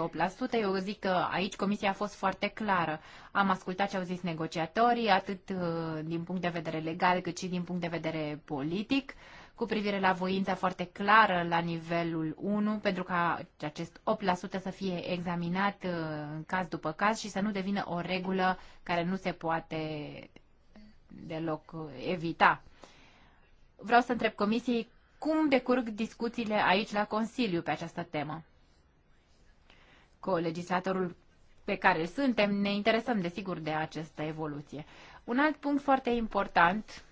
8%. Eu zic că aici comisia a fost foarte clară. Am ascultat ce au zis negociatorii, atât uh, din punct de vedere legal, cât și din punct de vedere politic, cu privire la voința foarte clară la nivelul 1, pentru ca acest 8% să fie examinat uh, în caz după caz și să nu devină o regulă care nu se poate deloc uh, evita vreau să întreb comisiei cum decurg discuțiile aici la Consiliu pe această temă. Co-legislatorul pe care îl suntem, ne interesăm desigur de această evoluție. Un alt punct foarte important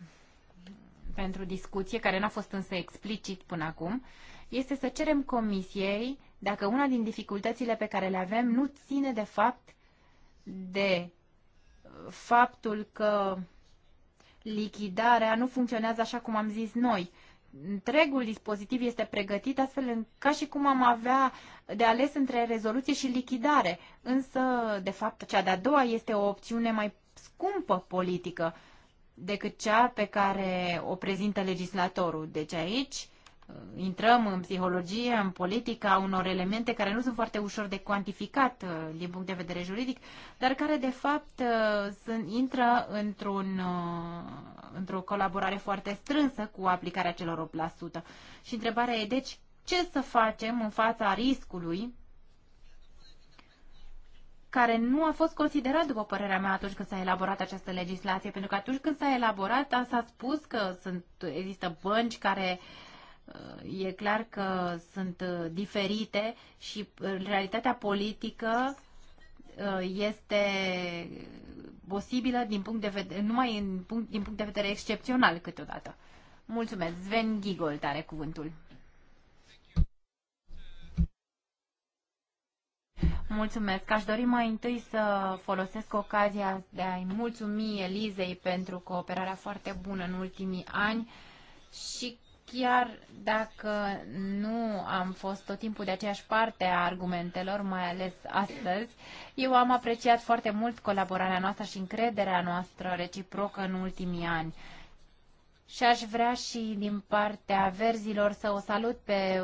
pentru discuție, care n-a fost însă explicit până acum, este să cerem comisiei dacă una din dificultățile pe care le avem nu ține de fapt de uh, faptul că lichidarea nu funcționează așa cum am zis noi întregul dispozitiv este pregătit astfel în, ca și cum am avea de ales între rezoluție și lichidare. Însă, de fapt, cea de-a doua este o opțiune mai scumpă politică decât cea pe care o prezintă legislatorul. Deci aici Uh, intrăm în psihologie, în politica unor elemente care nu sunt foarte ușor de cuantificat uh, din punct de vedere juridic, dar care de fapt uh, sunt, intră într-un, într-o colaborare foarte strânsă cu aplicarea celor 8%. Și întrebarea e deci ce să facem în fața riscului care nu a fost considerat, după părerea mea, atunci când s-a elaborat această legislație, pentru că atunci când s-a elaborat, s-a spus că sunt, există bănci care uh, e clar că sunt uh, diferite și uh, realitatea politică uh, este posibilă din punct de vedere, numai în punct, din punct de vedere excepțional câteodată. Mulțumesc. Sven Gigol are cuvântul. Mulțumesc. Aș dori mai întâi să folosesc ocazia de a-i mulțumi Elizei pentru cooperarea foarte bună în ultimii ani și chiar dacă nu am fost tot timpul de aceeași parte a argumentelor, mai ales astăzi, eu am apreciat foarte mult colaborarea noastră și încrederea noastră reciprocă în ultimii ani. Și aș vrea și din partea verzilor să o salut pe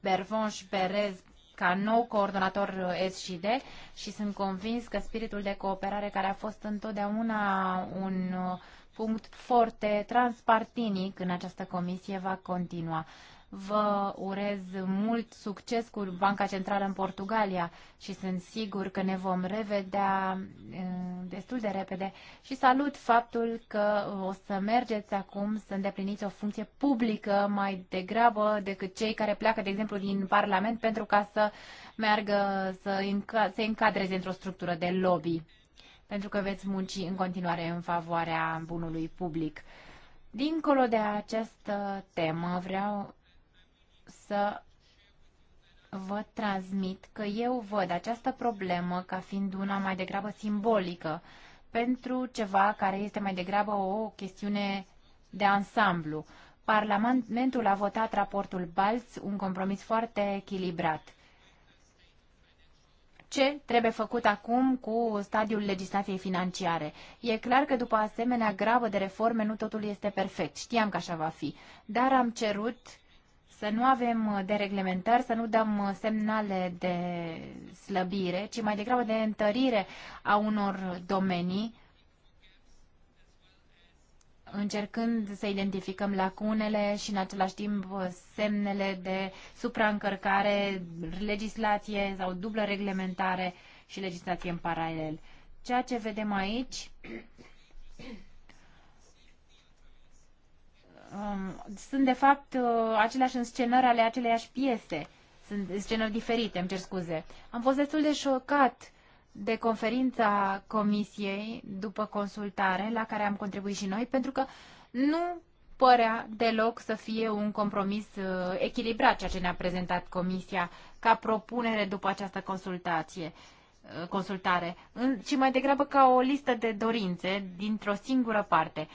Bervonș Perez ca nou coordonator D și sunt convins că spiritul de cooperare care a fost întotdeauna un uh, punct foarte transpartinic în această comisie va continua. Vă urez mult succes cu Banca Centrală în Portugalia și sunt sigur că ne vom revedea eh, destul de repede și salut faptul că o să mergeți acum să îndepliniți o funcție publică mai degrabă decât cei care pleacă, de exemplu, din Parlament pentru ca să meargă să se încadreze într-o structură de lobby pentru că veți munci în continuare în favoarea bunului public. Dincolo de această temă, vreau să vă transmit că eu văd această problemă ca fiind una mai degrabă simbolică pentru ceva care este mai degrabă o chestiune de ansamblu. Parlamentul a votat raportul Balț, un compromis foarte echilibrat ce trebuie făcut acum cu stadiul legislației financiare. E clar că după asemenea gravă de reforme nu totul este perfect. Știam că așa va fi. Dar am cerut să nu avem dereglementări, să nu dăm semnale de slăbire, ci mai degrabă de întărire a unor domenii încercând să identificăm lacunele și în același timp semnele de supraîncărcare, legislație sau dublă reglementare și legislație în paralel. Ceea ce vedem aici um, sunt de fapt uh, aceleași înscenări ale aceleiași piese. Sunt scenări diferite, îmi cer scuze. Am fost destul de șocat de conferința comisiei după consultare la care am contribuit și noi, pentru că nu părea deloc să fie un compromis uh, echilibrat ceea ce ne-a prezentat comisia ca propunere după această consultație uh, consultare, ci mai degrabă ca o listă de dorințe dintr-o singură parte.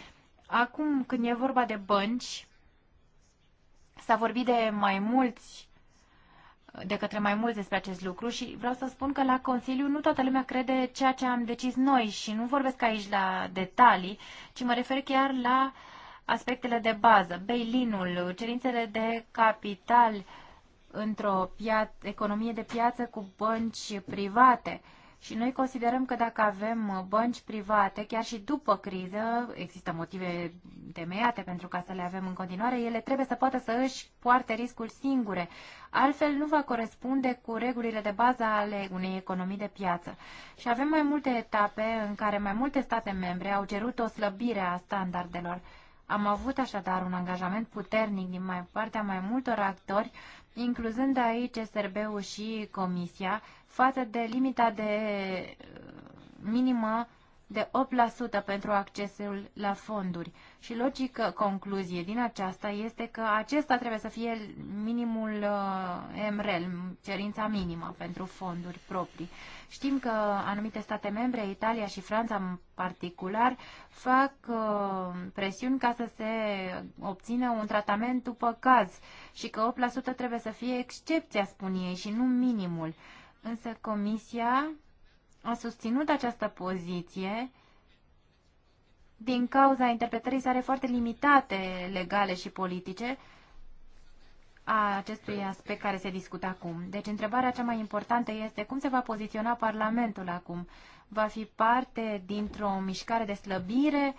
Acum, când e vorba de bănci, s-a vorbit de mai mulți de către mai mulți despre acest lucru și vreau să spun că la Consiliu nu toată lumea crede ceea ce am decis noi și nu vorbesc aici la detalii, ci mă refer chiar la aspectele de bază, bailinul, cerințele de capital într-o economie de piață cu bănci private. Și noi considerăm că dacă avem uh, bănci private, chiar și după criză, există motive temeiate pentru ca să le avem în continuare, ele trebuie să poată să își poarte riscul singure. Altfel nu va corespunde cu regulile de bază ale unei economii de piață. Și avem mai multe etape în care mai multe state membre au cerut o slăbire a standardelor. Am avut așadar un angajament puternic din mai partea mai multor actori incluzând aici SRB-ul și Comisia, față de limita de uh, minimă de 8% pentru accesul la fonduri. Și logică concluzie din aceasta este că acesta trebuie să fie minimul uh, MREL, cerința minimă pentru fonduri proprii. Știm că anumite state membre, Italia și Franța în particular, fac uh, presiuni ca să se obțină un tratament după caz și că 8% trebuie să fie excepția, spun ei, și nu minimul. Însă Comisia a susținut această poziție din cauza interpretării sale foarte limitate legale și politice a acestui aspect care se discută acum. Deci întrebarea cea mai importantă este cum se va poziționa Parlamentul acum? Va fi parte dintr-o mișcare de slăbire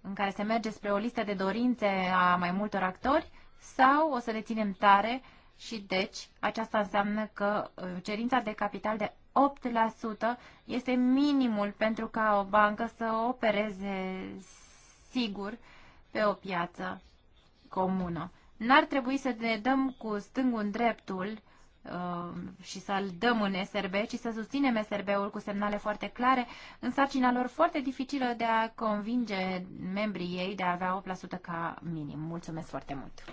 în care se merge spre o listă de dorințe a mai multor actori sau o să le ținem tare și deci aceasta înseamnă că uh, cerința de capital de 8% este minimul pentru ca o bancă să opereze sigur pe o piață comună. N-ar trebui să ne dăm cu stângul dreptul uh, și să-l dăm în SRB, ci să susținem SRB-ul cu semnale foarte clare, în sarcina lor foarte dificilă de a convinge membrii ei de a avea 8% ca minim. Mulțumesc foarte mult!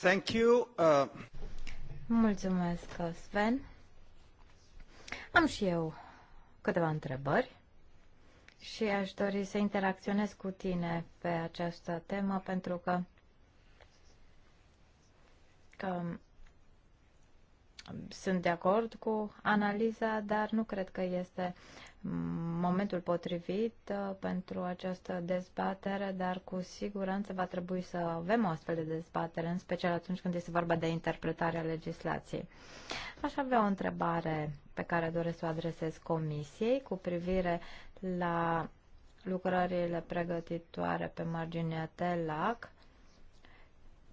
Thank you. Uh... Mulțumesc, Sven. Am și eu câteva întrebări și aș dori să interacționez cu tine pe această temă pentru că, că sunt de acord cu analiza, dar nu cred că este momentul potrivit uh, pentru această dezbatere, dar cu siguranță va trebui să avem o astfel de dezbatere, în special atunci când este vorba de interpretarea legislației. Aș avea o întrebare pe care doresc să o adresez Comisiei cu privire la lucrările pregătitoare pe marginea TELAC.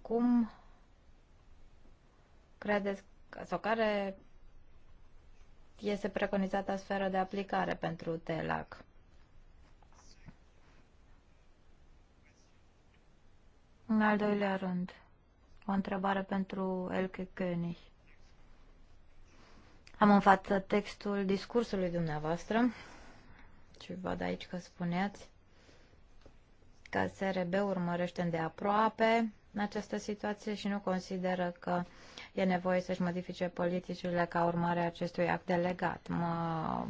Cum credeți sau care este preconizată sferă de aplicare pentru TELAC? În al doilea rând, o întrebare pentru Elke König. Am în față textul discursului dumneavoastră și văd aici că spuneați că SRB urmărește de aproape în această situație și nu consideră că e nevoie să-și modifice politicile ca urmare a acestui act delegat. Mă,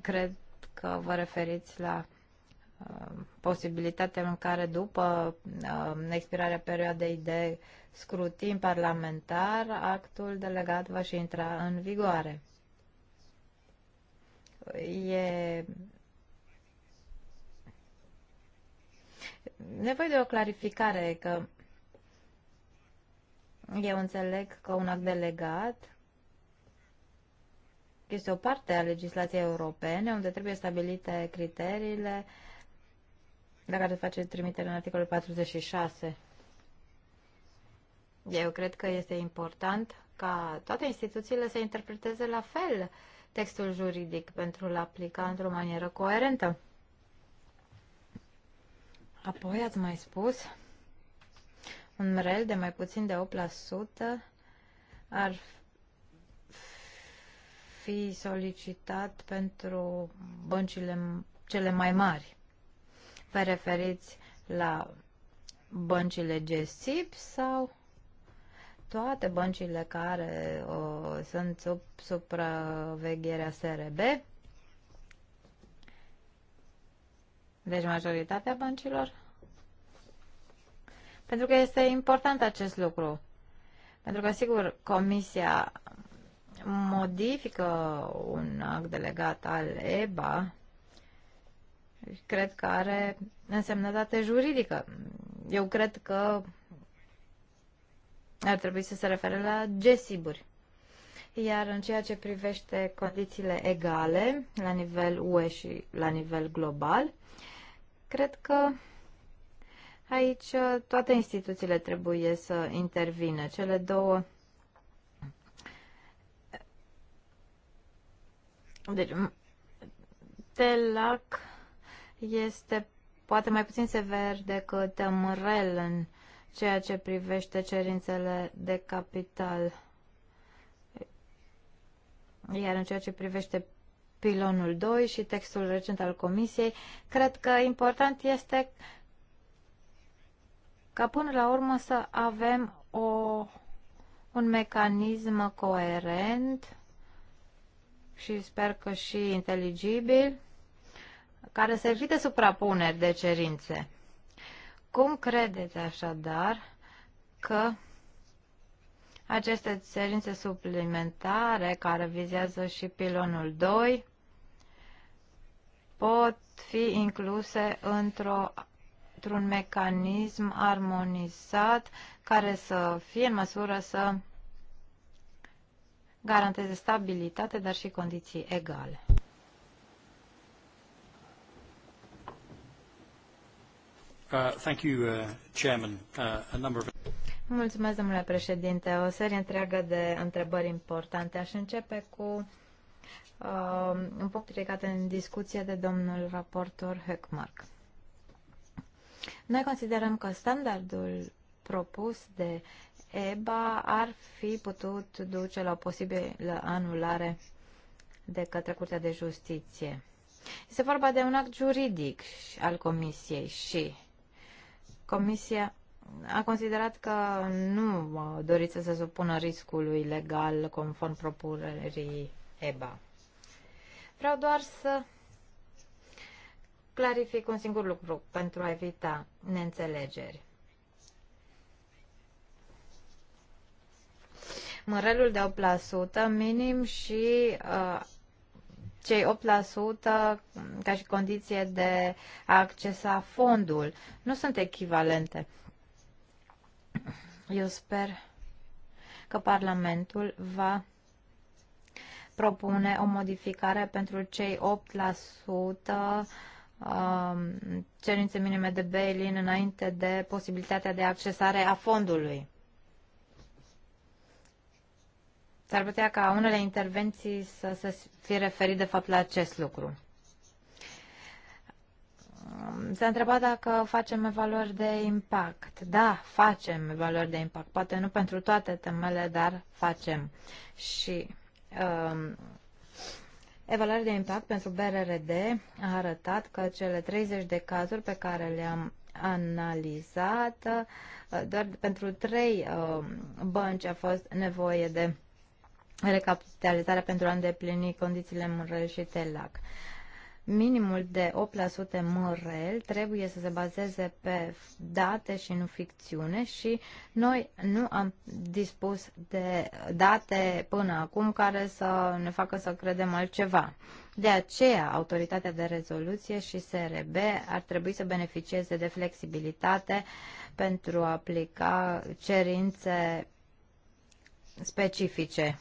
cred că vă referiți la posibilitatea în care după uh, expirarea perioadei de scrutin parlamentar, actul delegat va și intra în vigoare. E nevoie de o clarificare că eu înțeleg că un act delegat este o parte a legislației europene unde trebuie stabilite criteriile la care face trimitere în articolul 46. Eu cred că este important ca toate instituțiile să interpreteze la fel textul juridic pentru a-l aplica într-o manieră coerentă. Apoi ați mai spus un rel de mai puțin de 8% ar fi solicitat pentru băncile cele mai mari. Vă referiți la băncile GSIP sau toate băncile care o, sunt sub supravegherea SRB? Deci majoritatea băncilor? Pentru că este important acest lucru. Pentru că, sigur, Comisia modifică un act delegat al EBA cred că are însemnătate juridică. Eu cred că ar trebui să se refere la gesiburi. Iar în ceea ce privește condițiile egale la nivel UE și la nivel global, cred că aici uh, toate instituțiile trebuie să intervină. Cele două deci, TELAC este poate mai puțin sever decât MREL în ceea ce privește cerințele de capital. Iar în ceea ce privește pilonul 2 și textul recent al Comisiei, cred că important este ca până la urmă să avem o, un mecanism coerent și sper că și inteligibil care să evite suprapuneri de cerințe. Cum credeți așadar că aceste cerințe suplimentare care vizează și pilonul 2 pot fi incluse într-o într-un mecanism armonizat care să fie în măsură să garanteze stabilitate, dar și condiții egale. Uh, uh, uh, Mulțumesc, domnule președinte. O serie întreagă de întrebări importante. Aș începe cu uh, un punct ridicat în discuție de domnul raportor Heckmark. Noi considerăm că standardul propus de EBA ar fi putut duce la o posibilă anulare de către Curtea de Justiție. Este vorba de un act juridic al Comisiei și Comisia a considerat că nu doriți să se supună riscului legal conform propunerii EBA. Vreau doar să clarific un singur lucru pentru a evita neînțelegeri. Mărelul de 8% minim și uh, cei 8% ca și condiție de a accesa fondul nu sunt echivalente. Eu sper că Parlamentul va propune o modificare pentru cei 8% um, cerințe minime de bail-in înainte de posibilitatea de accesare a fondului. S-ar putea ca unele intervenții să se fie referit de fapt la acest lucru. S-a întrebat dacă facem evaluări de impact. Da, facem evaluări de impact. Poate nu pentru toate temele, dar facem. Și um, evaluarea de impact pentru BRRD a arătat că cele 30 de cazuri pe care le-am analizat, uh, doar pentru trei um, bănci a fost nevoie de recapitalizarea pentru a îndeplini condițiile MRL și TELAC. Minimul de 8% MRL trebuie să se bazeze pe date și nu ficțiune și noi nu am dispus de date până acum care să ne facă să credem altceva. De aceea, Autoritatea de Rezoluție și SRB ar trebui să beneficieze de flexibilitate pentru a aplica cerințe specifice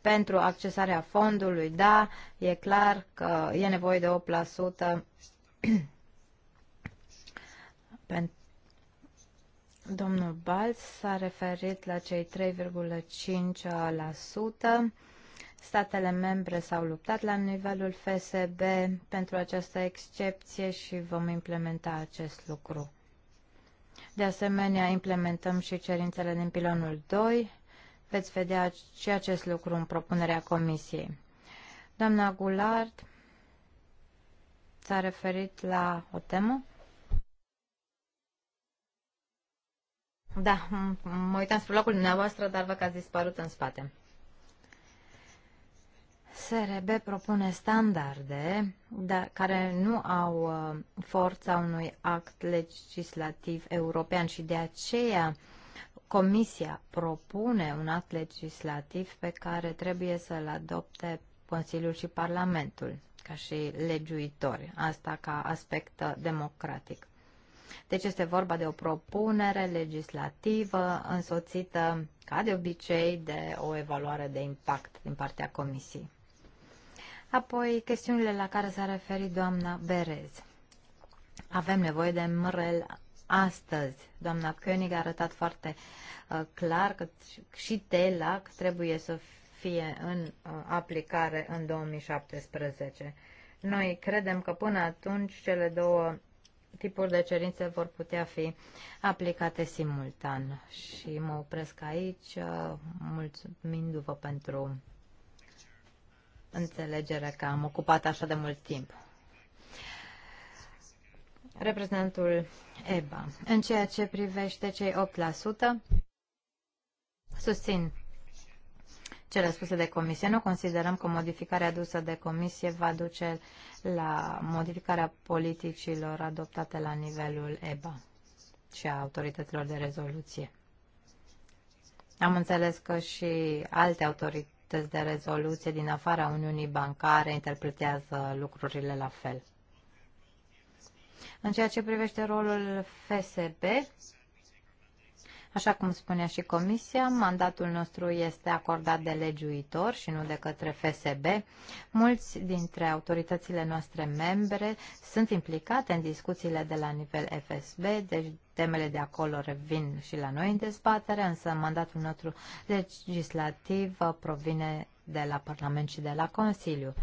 pentru accesarea fondului, da, e clar că e nevoie de 8% <clears throat> Domnul Balz s-a referit la cei 3,5%. Statele membre s-au luptat la nivelul FSB pentru această excepție și vom implementa acest lucru. De asemenea, implementăm și cerințele din pilonul 2 Veți vedea și acest lucru în propunerea comisiei. Doamna Gulard s-a referit la o temă? Da, mă uitam spre locul dumneavoastră, dar văd că ați dispărut în spate. SRB propune standarde da, care nu au uh, forța unui act legislativ european și de aceea uh, Comisia propune un act legislativ pe care trebuie să-l adopte Consiliul și Parlamentul ca și legiuitori, asta ca aspect democratic. Deci este vorba de o propunere legislativă însoțită, ca de obicei, de o evaluare de impact din partea Comisiei. Apoi, chestiunile la care s-a referit doamna Berez. Avem nevoie de MREL astăzi. Doamna König a arătat foarte uh, clar că și TELAC trebuie să fie în uh, aplicare în 2017. Noi credem că până atunci cele două tipuri de cerințe vor putea fi aplicate simultan. Și mă opresc aici, uh, mulțumindu-vă pentru înțelegerea că am ocupat așa de mult timp reprezentantul EBA. În ceea ce privește cei 8%, susțin cele spuse de comisie. Nu considerăm că modificarea adusă de comisie va duce la modificarea politicilor adoptate la nivelul EBA și a autorităților de rezoluție. Am înțeles că și alte autorități de rezoluție din afara Uniunii Bancare interpretează lucrurile la fel. În ceea ce privește rolul FSB, așa cum spunea și Comisia, mandatul nostru este acordat de legiuitor și nu de către FSB. Mulți dintre autoritățile noastre membre sunt implicate în discuțiile de la nivel FSB, deci temele de acolo revin și la noi în dezbatere, însă mandatul nostru legislativ provine de la Parlament și de la Consiliu.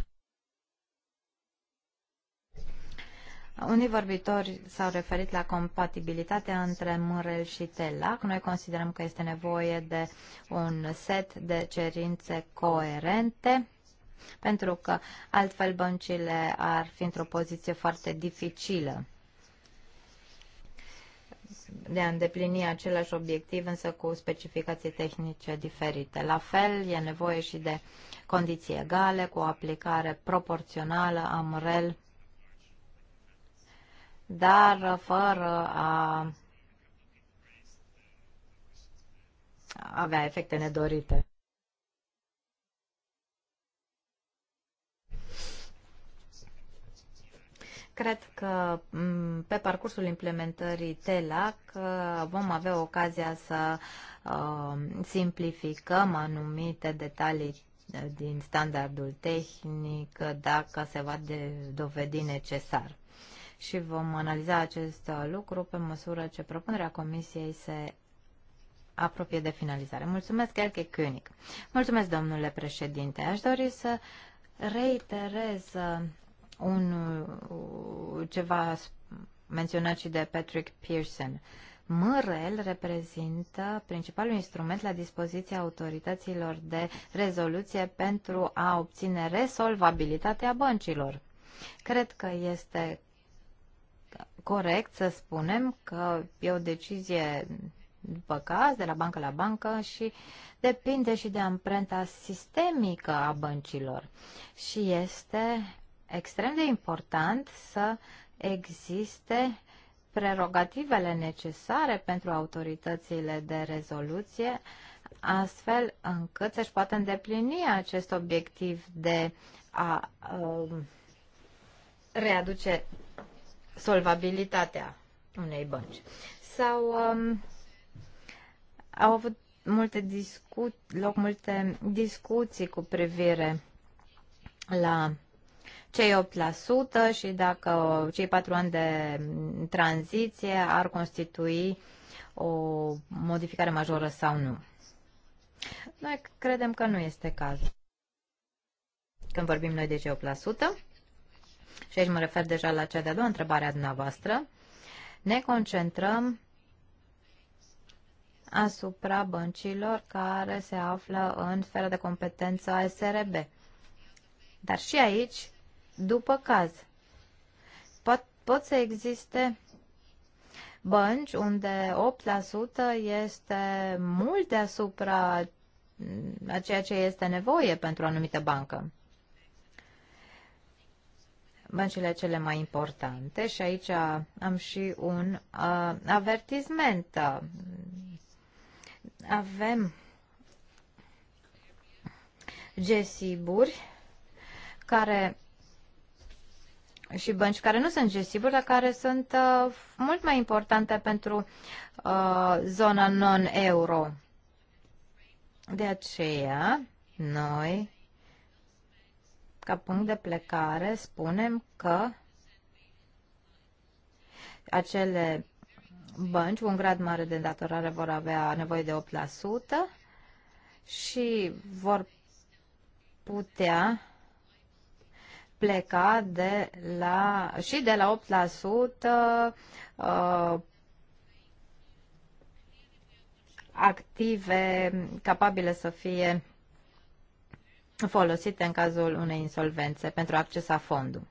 Unii vorbitori s-au referit la compatibilitatea între MREL și TELAC. Noi considerăm că este nevoie de un set de cerințe coerente pentru că altfel băncile ar fi într-o poziție foarte dificilă de a îndeplini același obiectiv, însă cu specificații tehnice diferite. La fel, e nevoie și de condiții egale, cu o aplicare proporțională a MREL dar fără a avea efecte nedorite. Cred că mm, pe parcursul implementării TELAC vom avea ocazia să um, simplificăm anumite detalii uh, din standardul tehnic dacă se va dovedi necesar și vom analiza acest uh, lucru pe măsură ce propunerea Comisiei se apropie de finalizare. Mulțumesc, Elke König. Mulțumesc, domnule președinte. Aș dori să reiterez uh, un, uh, ceva menționat și de Patrick Pearson. MREL reprezintă principalul instrument la dispoziția autorităților de rezoluție pentru a obține resolvabilitatea băncilor. Cred că este corect să spunem că e o decizie după caz, de la bancă la bancă și depinde și de amprenta sistemică a băncilor. Și este extrem de important să existe prerogativele necesare pentru autoritățile de rezoluție, astfel încât să-și poată îndeplini acest obiectiv de a uh, readuce solvabilitatea unei bănci. Sau um, au avut multe discu- loc multe discuții cu privire la cei 8% și dacă cei 4 ani de tranziție ar constitui o modificare majoră sau nu. Noi credem că nu este cazul. Când vorbim noi de cei 8%, și aici mă refer deja la cea de-a doua întrebare a dumneavoastră, ne concentrăm asupra băncilor care se află în sfera de competență a SRB. Dar și aici, după caz, pot, pot să existe bănci unde 8% este mult deasupra a ceea ce este nevoie pentru o anumită bancă băncile cele mai importante și aici am și un uh, avertisment. Avem gesiburi care și bănci care nu sunt gesiburi, dar care sunt uh, mult mai importante pentru uh, zona non-euro. De aceea, noi ca punct de plecare spunem că acele bănci cu un grad mare de îndatorare vor avea nevoie de 8% și vor putea pleca de la, și de la 8% uh, active capabile să fie folosite în cazul unei insolvențe pentru a accesa fondul.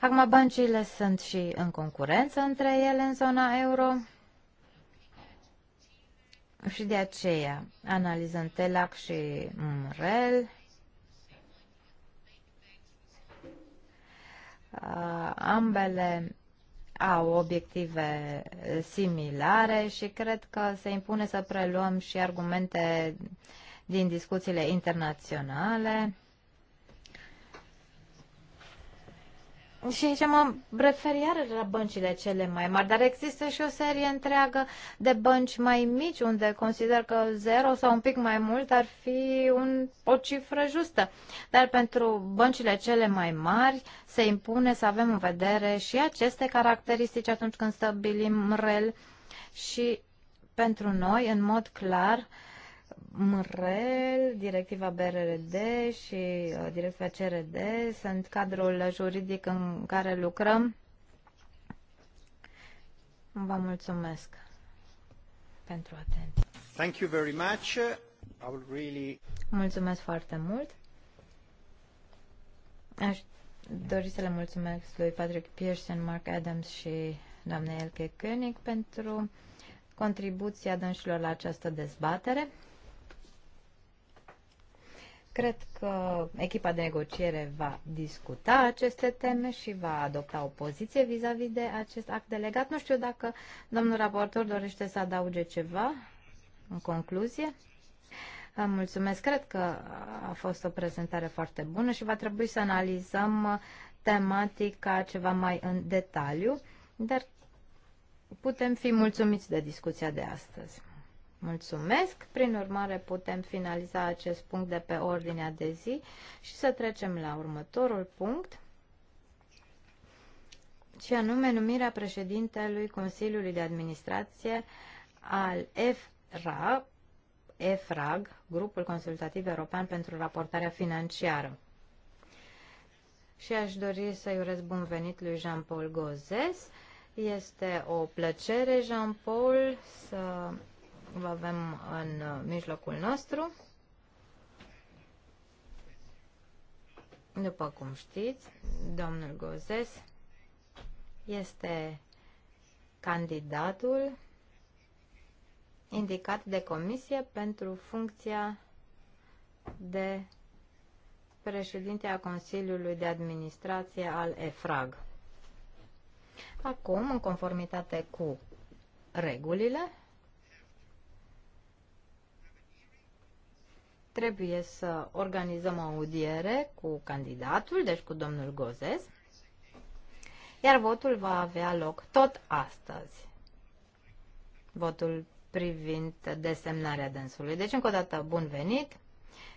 Acum băncile sunt și în concurență între ele în zona euro și de aceea, analizând TELAC și MREL, ambele au obiective similare și cred că se impune să preluăm și argumente uh, din discuțiile internaționale. Și aici mă refer iar la băncile cele mai mari, dar există și o serie întreagă de bănci mai mici, unde consider că zero sau un pic mai mult ar fi un, o cifră justă. Dar pentru băncile cele mai mari se impune să avem în vedere și aceste caracteristici atunci când stabilim REL și pentru noi, în mod clar, uh, MREL, directiva BRRD și uh, directiva CRD sunt cadrul juridic în care lucrăm. Vă mulțumesc pentru atenție. Thank you very much. I will really... Mulțumesc foarte mult. Aș dori să le mulțumesc lui Patrick Pearson, Mark Adams și doamnei Elke König pentru contribuția dânșilor la această dezbatere. Cred că echipa de negociere va discuta aceste teme și va adopta o poziție vis-a-vis -vis de acest act delegat. Nu știu dacă domnul raportor dorește să adauge ceva în concluzie. Mulțumesc, cred că a fost o prezentare foarte bună și va trebui să analizăm tematica ceva mai în detaliu, dar putem fi mulțumiți de discuția de astăzi. Mulțumesc! Prin urmare, putem finaliza acest punct de pe ordinea de zi și să trecem la următorul punct, și anume numirea președintelui Consiliului de Administrație al EFRA, EFRAG, Grupul Consultativ European pentru Raportarea Financiară. Și aș dori să-i urez bun venit lui Jean-Paul Gozes. Este o plăcere, Jean-Paul, să vă avem în uh, mijlocul nostru. După cum știți, domnul Gozes este candidatul indicat de comisie pentru funcția de președinte a Consiliului de Administrație al EFRAG. Acum, în conformitate cu regulile, trebuie să organizăm o audiere cu candidatul, deci cu domnul Gozes, iar votul va avea loc tot astăzi. Votul privind desemnarea dânsului. Deci, încă o dată, bun venit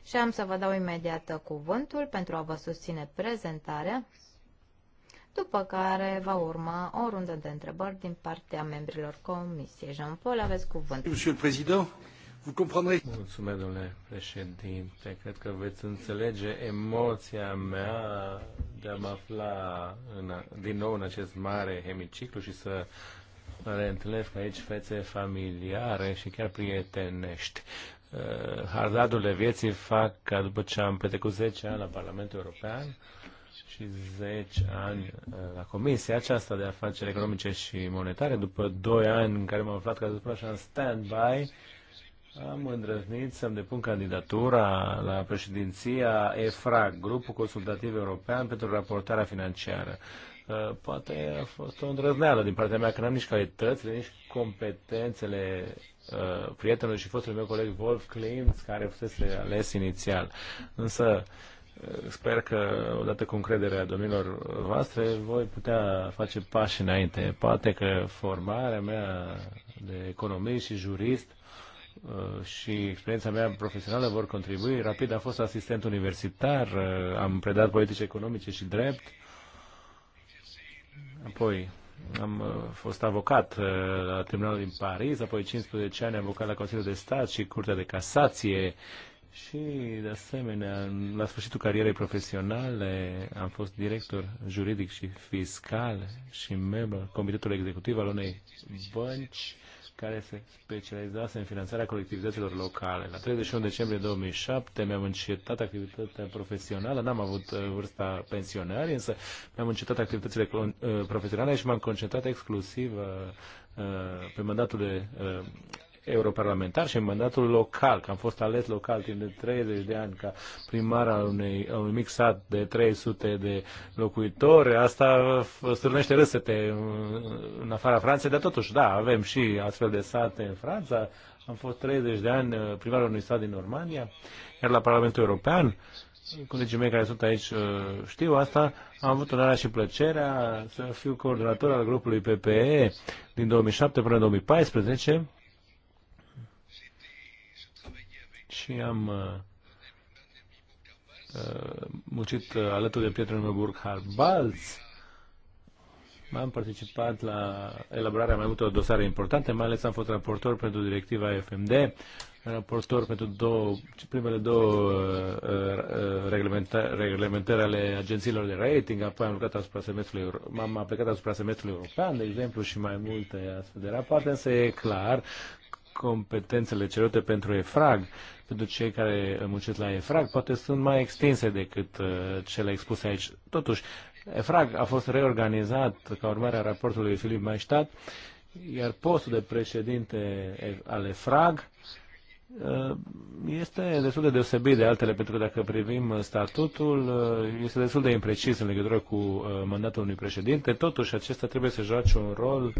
și am să vă dau imediat cuvântul pentru a vă susține prezentarea, după care va urma o rundă de întrebări din partea membrilor comisiei. Jean-Paul, aveți cuvântul. Monsieur le Président, Vous comprendrez. Mulțumesc, domnule președinte. Cred că veți înțelege emoția mea de a mă afla în, din nou în acest mare hemiciclu și să reîntâlnesc aici fețe familiare și chiar prietenești. Uh, hardadurile vieții fac ca după ce am petrecut 10 ani la Parlamentul European și 10 ani uh, la Comisia aceasta de afaceri economice și monetare, după 2 ani în care m-am aflat, ca să spun așa, în stand-by, am îndrăznit să-mi depun candidatura la președinția EFRAG, Grupul Consultativ European pentru Raportarea Financiară. Uh, poate a fost o îndrăzneală din partea mea, că n-am nici calitățile, nici competențele uh, prietenului și fostului meu coleg Wolf Klintz, care fusese ales inițial. Însă, uh, Sper că, odată cu încrederea domnilor voastre, voi putea face pași înainte. Poate că formarea mea de economist și jurist Uh, și experiența mea profesională vor contribui. Rapid a fost asistent universitar, uh, am predat politici economice și drept. Apoi am uh, fost avocat la Tribunalul din Paris, apoi 15 ani avocat la Consiliul de Stat și Curtea de Casație și, de asemenea, la sfârșitul carierei profesionale am fost director juridic și fiscal și membru al Comitetului Executiv al unei bănci care se specializase în finanțarea colectivităților locale. La 31 decembrie 2007 mi-am încetat activitatea profesională, n-am avut uh, vârsta pensionarii, însă mi-am încetat activitățile uh, profesionale și m-am concentrat exclusiv uh, pe mandatul de europarlamentar și în mandatul local, că am fost ales local timp de 30 de ani ca primar al unui, a unui mic sat de 300 de locuitori, asta strânește râsete în afara Franței, dar totuși, da, avem și astfel de sate în Franța, am fost 30 de ani uh, primarul unui stat din Normania, iar la Parlamentul European, colegii mei care sunt aici uh, știu asta, am avut onoarea și plăcerea să fiu coordonator al grupului PPE din 2007 până în 2014 și am uh, uh muncit uh, alături de prietenul meu Burkhard Balz. Am participat la elaborarea mai multor dosare importante, mai ales am fost raportor pentru directiva FMD, raportor pentru două, primele două uh, uh reglementări, reglementări ale agențiilor de rating, apoi am lucrat asupra semestrului, m-am aplicat asupra semestrului european, de exemplu, și mai multe astfel de rapoarte, însă e clar competențele cerute pentru EFRAG, pentru cei care muncesc la EFRAG, poate sunt mai extinse decât uh, cele expuse aici. Totuși, EFRAG a fost reorganizat ca urmare a raportului Filip Maistat, iar postul de președinte al EFRAG uh, este destul de deosebit de altele, pentru că dacă privim statutul, uh, este destul de imprecis în legătură cu mandatul unui președinte. Totuși, acesta trebuie să joace un rol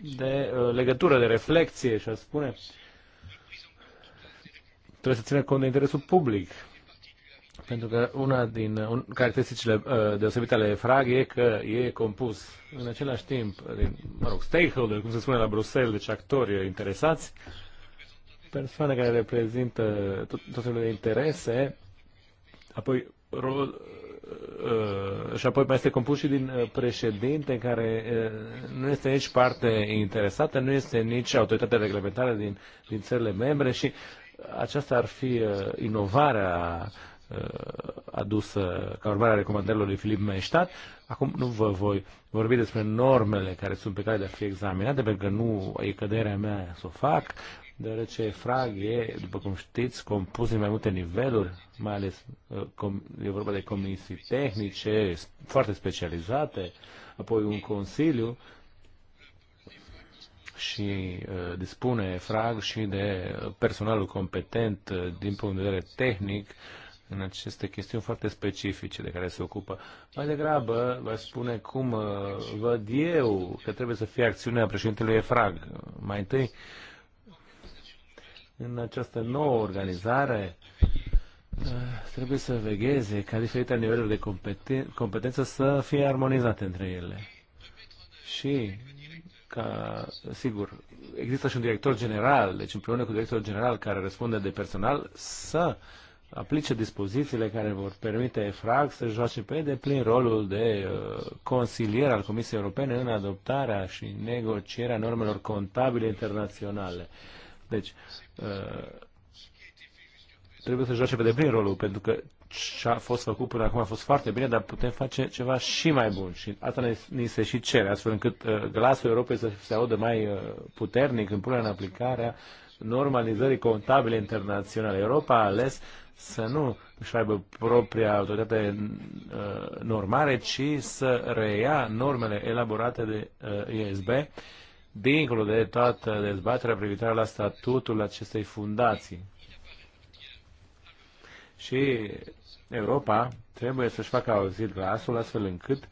de uh, legătură, de reflexie și a spune trebuie să ține cont de interesul public. Pentru că una din uh, un, caracteristicile uh, deosebite ale FRAG e că e compus în același timp din, mă rog, stakeholder, cum se spune la Bruxelles, deci actori interesați, persoane care reprezintă tot, tot felul de interese, apoi rol, Uh, și apoi mai este compus și din uh, președinte care uh, nu este nici parte interesată, nu este nici autoritatea reglementară din, din țările membre și aceasta ar fi inovarea adusă ca urmare a recomandărilor lui Filip Meștat. Acum nu vă voi vorbi despre normele care sunt pe care de a fi examinate, pentru că nu e căderea mea să o fac deoarece frag e, după cum știți, compus din mai multe niveluri, mai ales uh, e vorba de comisii tehnice foarte specializate, apoi un consiliu și uh, dispune frag și de personalul competent uh, din punct de vedere tehnic în aceste chestiuni foarte specifice de care se ocupă. Mai degrabă, vă spune cum văd eu că trebuie să fie acțiunea președintelui EFRAG. Mai întâi, uh, în această nouă organizare da, trebuie să vegheze ca diferite niveluri de competen- competență să fie armonizate între ele. Și ca, sigur, există și un director general, deci împreună cu directorul general care răspunde de personal, să aplice dispozițiile care vor permite EFRAG să joace pe deplin rolul de uh, consilier al Comisiei Europene în adoptarea și negocierea normelor contabile internaționale. Uh, deci, uh, trebuie să joace pe deplin rolul, pentru că ce a fost făcut până acum a fost foarte bine, dar putem face ceva și mai bun. Și asta ne, ni se și cere, astfel încât uh, glasul Europei să se audă mai uh, puternic în punerea în aplicarea normalizării contabile internaționale. Europa a ales să nu își aibă propria autoritate uh, normare, ci să reia normele elaborate de uh, uh, dincolo de toată dezbaterea privitoare la statutul acestei fundații. Și Europa trebuie să-și facă auzit glasul astfel încât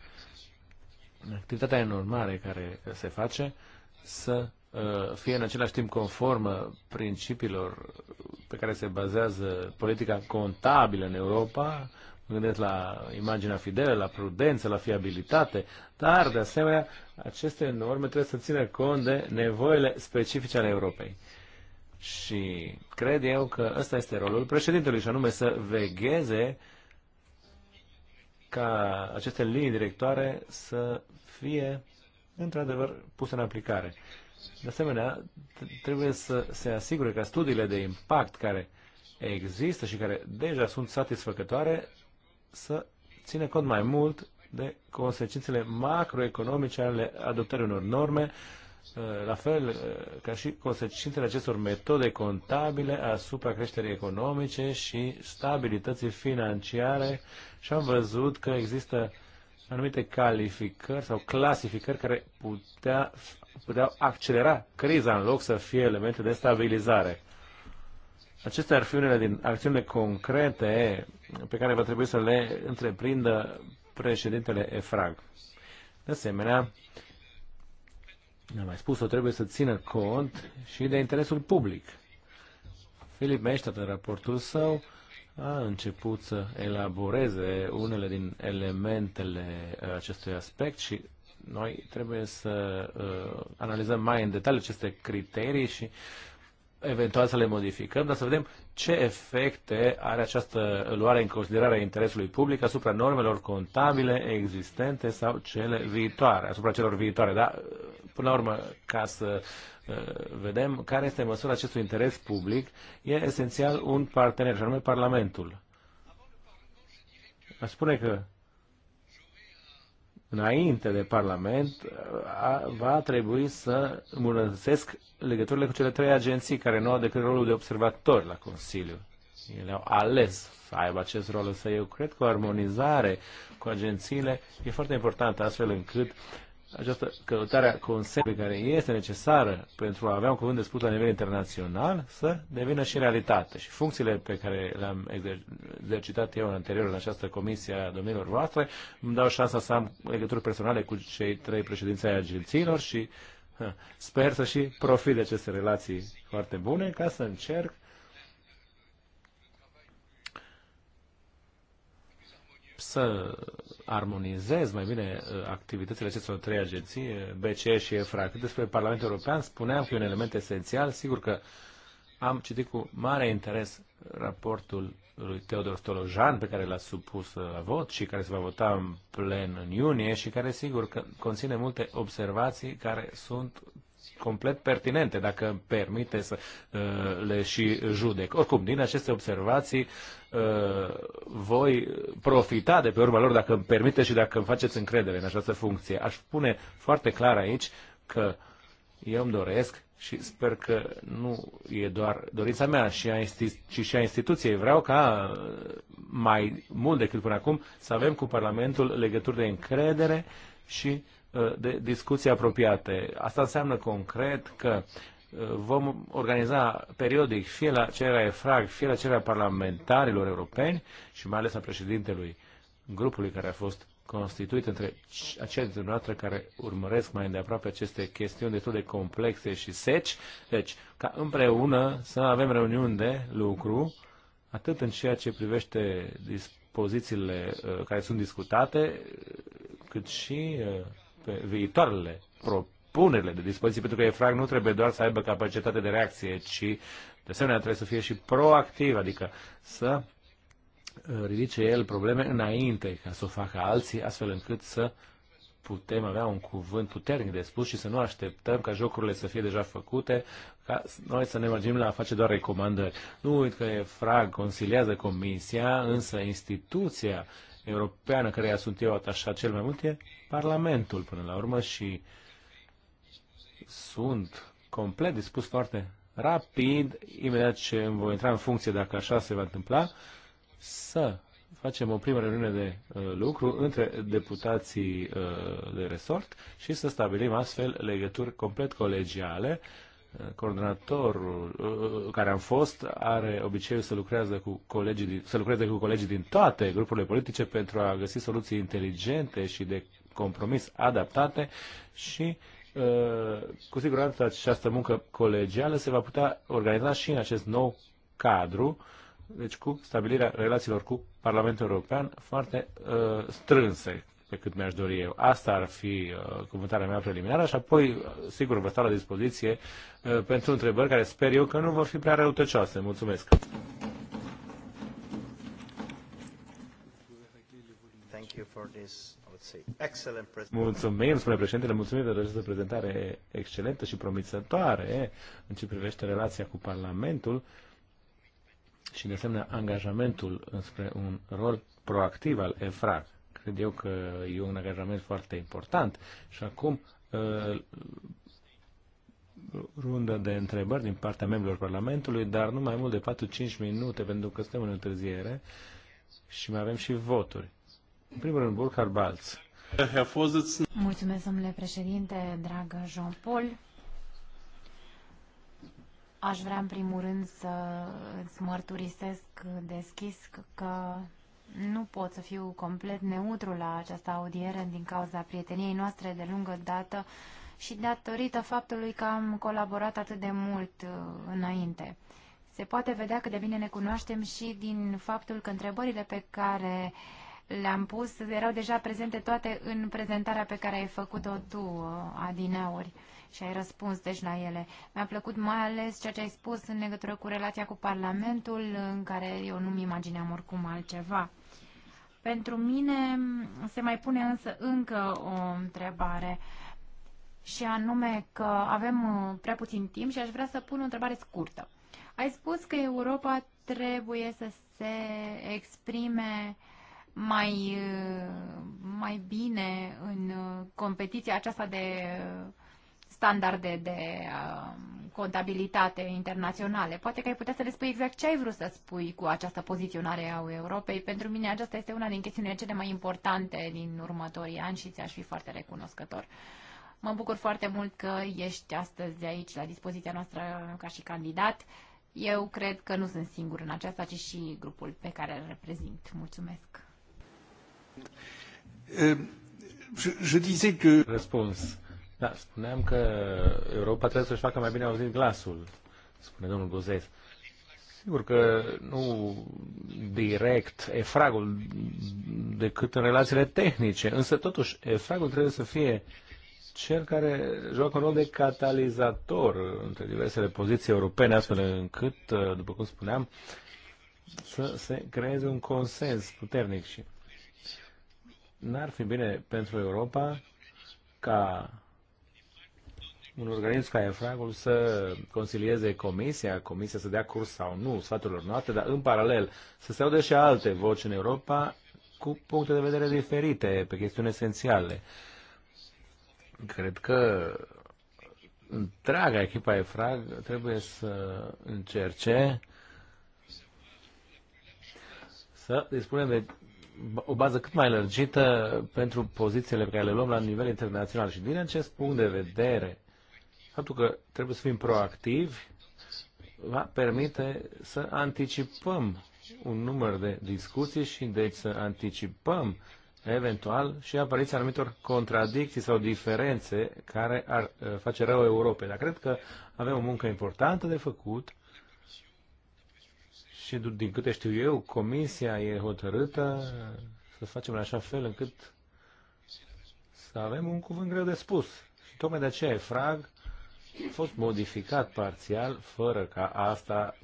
activitatea enormare care se face să uh, fie în același timp conformă principiilor pe care se bazează politica contabilă în Europa, mă gândesc la imaginea fidelă, la prudență, la fiabilitate, dar, de asemenea, aceste norme trebuie să țină cont de nevoile specifice ale Europei. Și cred eu că ăsta este rolul președintelui, și anume să vegheze ca aceste linii directoare să fie, într-adevăr, puse în aplicare. De asemenea, trebuie să se asigure că studiile de impact care există și care deja sunt satisfăcătoare să ține cont mai mult de consecințele macroeconomice ale adoptării unor norme, uh, la fel uh, ca și consecințele acestor metode contabile asupra creșterii economice și stabilității financiare și am văzut că există anumite calificări sau clasificări care putea, puteau accelera criza în loc să fie elemente de stabilizare. Acestea ar fi unele din acțiunile concrete pe care va trebui să le întreprindă președintele EFRAG. De asemenea, am mai spus-o, trebuie să țină cont și de interesul public. Filip Meștat, în raportul său, a început să elaboreze unele din elementele acestui aspect și noi trebuie să uh, analizăm mai în detaliu aceste criterii și eventual să le modificăm, dar să vedem ce efecte are această luare în considerare a interesului public asupra normelor contabile existente sau cele viitoare, asupra celor viitoare. Dar, până la urmă, ca să uh, vedem care este măsura acestui interes public, e esențial un partener, și anume Parlamentul. Aș spune că înainte de Parlament, va trebui să îmbunătățesc legăturile cu cele trei agenții care nu au decât rolul de observator la Consiliu. Ele au ales să aibă acest rol, să eu cred că o armonizare cu agențiile e foarte importantă, astfel încât această căutare a consensului care este necesară pentru a avea un cuvânt de spus la nivel internațional să devină și realitate. Și funcțiile pe care le-am exercitat eu în anterior în această comisie a domnilor voastre îmi dau șansa să am legături personale cu cei trei președinți ai agențiilor și ha, sper să și profit de aceste relații foarte bune ca să încerc să armonizez mai bine uh, activitățile acestor trei agenții, uh, BCE și EFRA. Cât despre Parlamentul European, spuneam că e un element esențial. Sigur că am citit cu mare interes raportul lui Teodor Stolojan, pe care l-a supus uh, la vot și care se va vota în plen în iunie și care, sigur, că conține multe observații care sunt complet pertinente, dacă îmi permite să uh, le și judec. Oricum, din aceste observații uh, voi profita de pe urma lor, dacă îmi permite și dacă îmi faceți încredere în această funcție. Aș spune foarte clar aici că eu îmi doresc și sper că nu e doar dorința mea, și a ci și a instituției. Vreau ca uh, mai mult decât până acum să avem cu Parlamentul legături de încredere și Uh, de discuții apropiate. Asta înseamnă concret că uh, vom organiza periodic fie la cererea EFRAG, fie la cererea parlamentarilor europeni și mai ales a președintelui grupului care a fost constituit între aceste dintre noastre care urmăresc mai îndeaproape aceste chestiuni destul de complexe și seci. Deci, ca împreună să avem reuniuni de lucru, atât în ceea ce privește dispozițiile uh, care sunt discutate, cât și pe viitoarele propunerile de dispoziții, pentru că EFRAG nu trebuie doar să aibă capacitate de reacție, ci de asemenea trebuie să fie și proactiv, adică să uh, ridice el probleme înainte ca să o facă alții, astfel încât să putem avea un cuvânt puternic de spus și să nu așteptăm ca jocurile să fie deja făcute, ca noi să ne mergem la a face doar recomandări. Nu uit că EFRAG consiliază Comisia, însă instituția europeană, care sunt eu atașat cel mai mult, e Parlamentul, până la urmă, și sunt complet dispus foarte rapid, imediat ce îmi voi intra în funcție, dacă așa se va întâmpla, să facem o primă reuniune de uh, lucru între deputații uh, de resort și să stabilim astfel legături complet colegiale coordonatorul uh, care am fost are obiceiul să lucrează cu colegii din, să lucreze cu colegii din toate grupurile politice pentru a găsi soluții inteligente și de compromis adaptate și uh, cu siguranță această muncă colegială se va putea organiza și în acest nou cadru, deci cu stabilirea relațiilor cu Parlamentul European foarte uh, strânse, pe cât mi-aș dori eu. Asta ar fi uh, cuvântarea mea preliminară și apoi, uh, sigur, vă stau la dispoziție uh, pentru întrebări care sper eu că nu vor fi prea răutăcioase. Mulțumesc! Mulțumim, spune președintele, mulțumim pentru această prezentare excelentă și promițătoare în ce privește relația cu Parlamentul și, de asemenea, angajamentul înspre un rol proactiv al EFRAC. Cred eu că e un angajament foarte important. Și acum, uh, rundă de întrebări din partea membrilor Parlamentului, dar nu mai mult de 4-5 minute, pentru că suntem în întârziere și mai avem și voturi. În primul rând, Burkhard Balz. Mulțumesc, domnule președinte, dragă Jean-Paul. Aș vrea, în primul rând, să îți mărturisesc deschis că nu pot să fiu complet neutru la această audiere din cauza prieteniei noastre de lungă dată și datorită faptului că am colaborat atât de mult uh, înainte. Se poate vedea cât de bine ne cunoaștem și din faptul că întrebările pe care le-am pus erau deja prezente toate în prezentarea pe care ai făcut-o tu, uh, Adineauri. Uh, și ai răspuns deci la ele. Mi-a plăcut mai ales ceea ce ai spus în legătură cu relația cu Parlamentul, în care eu nu-mi imagineam oricum altceva. Pentru mine se mai pune însă încă o întrebare și anume că avem uh, prea puțin timp și aș vrea să pun o întrebare scurtă. Ai spus că Europa trebuie să se exprime mai, uh, mai bine în uh, competiția aceasta de standarde de um, contabilitate internaționale. Poate că ai putea să le spui exact ce ai vrut să spui cu această poziționare a Europei. Pentru mine aceasta este una din chestiunile cele mai importante din următorii ani și ți-aș fi foarte recunoscător. Mă bucur foarte mult că ești astăzi aici la dispoziția noastră ca și candidat. Eu cred că nu sunt singur în aceasta, ci și grupul pe care îl reprezint. Mulțumesc. Eh, je, je disais que... Da, spuneam că Europa trebuie să-și facă mai bine auzit glasul, spune domnul Gozez. Sigur că nu direct efragul, decât în relațiile tehnice, însă totuși efragul trebuie să fie cel care joacă un rol de catalizator între diversele poziții europene, astfel încât, după cum spuneam, să se creeze un consens puternic și n-ar fi bine pentru Europa ca un organism ca EFRAG-ul să consilieze comisia, comisia să dea curs sau nu sfaturilor noastre, dar în paralel să se audă și alte voci în Europa cu puncte de vedere diferite pe chestiuni esențiale. Cred că întreaga echipa EFRAG trebuie să încerce să dispunem de o bază cât mai lărgită pentru pozițiile pe care le luăm la nivel internațional. Și din acest punct de vedere, faptul că trebuie să fim proactivi va permite să anticipăm un număr de discuții și deci să anticipăm eventual și apariția anumitor contradicții sau diferențe care ar uh, face rău Europei. Dar cred că avem o muncă importantă de făcut și din câte știu eu, Comisia e hotărâtă să facem în așa fel încât să avem un cuvânt greu de spus. Și tocmai de aceea e frag fost modificat parțial, fără ca asta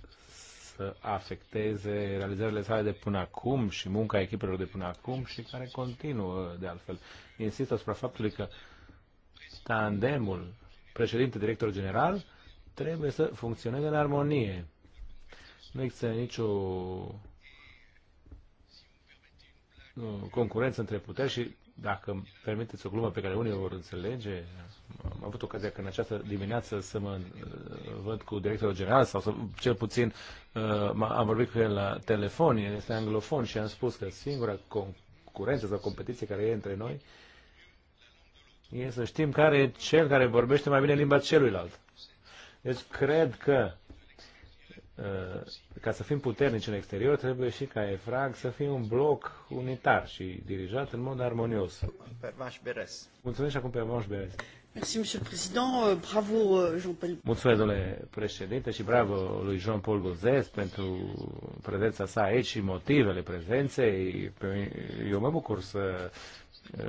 să afecteze realizările sale de până acum și munca echipelor de până acum și care continuă de altfel. Insist asupra faptului că tandemul președinte-director general trebuie să funcționeze în armonie. Nu există nicio concurență între puteri și dacă îmi permiteți o glumă pe care unii o vor înțelege, am avut ocazia că în această dimineață să mă uh, văd cu directorul general sau să, cel puțin uh, am vorbit cu el la telefon, el este anglofon și am spus că singura concurență sau competiție care e între noi e să știm care e cel care vorbește mai bine limba celuilalt. Deci cred că uh, ca să fim puternici în exterior, trebuie și ca EFRAG să fie un bloc unitar și dirijat în mod armonios. Pe Beres. Mulțumesc și acum pe Beres. Euh, euh, Mulțumesc, domnule președinte, și bravo lui Jean-Paul Gozes pentru prezența sa aici și motivele prezenței. Eu mă bucur să uh,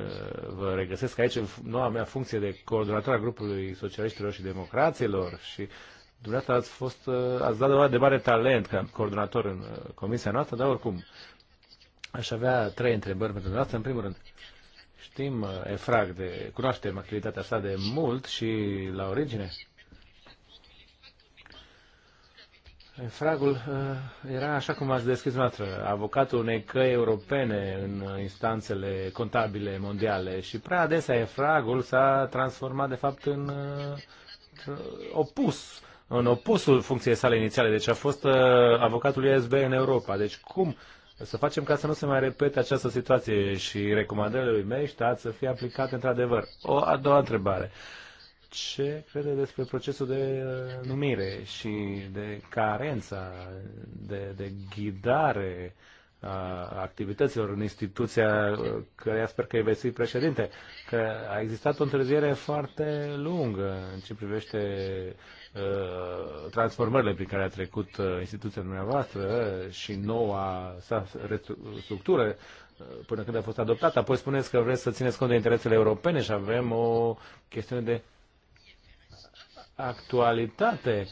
vă regăsesc aici în noua mea funcție de coordonator a grupului socialiștilor și democraților și dumneavoastră ați, fost, uh, ați dat de mare talent ca coordonator în uh, comisia noastră, dar oricum aș avea trei întrebări pentru dumneavoastră. În primul rând, Știm uh, EFRAG, de, cunoaștem activitatea sa de mult și la origine. Efragul uh, era, așa cum ați descris noastră, avocatul unei căi europene în uh, instanțele contabile mondiale și prea adesea Efragul s-a transformat, de fapt, în opus, în opusul funcției sale inițiale. Deci a fost avocatul ISB în Europa. Deci cum să facem ca să nu se mai repete această situație și recomandările lui Meștat să fie aplicate într-adevăr. O a doua întrebare. Ce crede despre procesul de uh, numire și de carența, de, de ghidare activităților în instituția uh, care sper că îi veți fi președinte, că a existat o întârziere foarte lungă în ce privește uh, transformările prin care a trecut uh, instituția dumneavoastră și noua sa structură până când a fost adoptată. Apoi spuneți că vreți să țineți cont de interesele europene și avem o chestiune de actualitate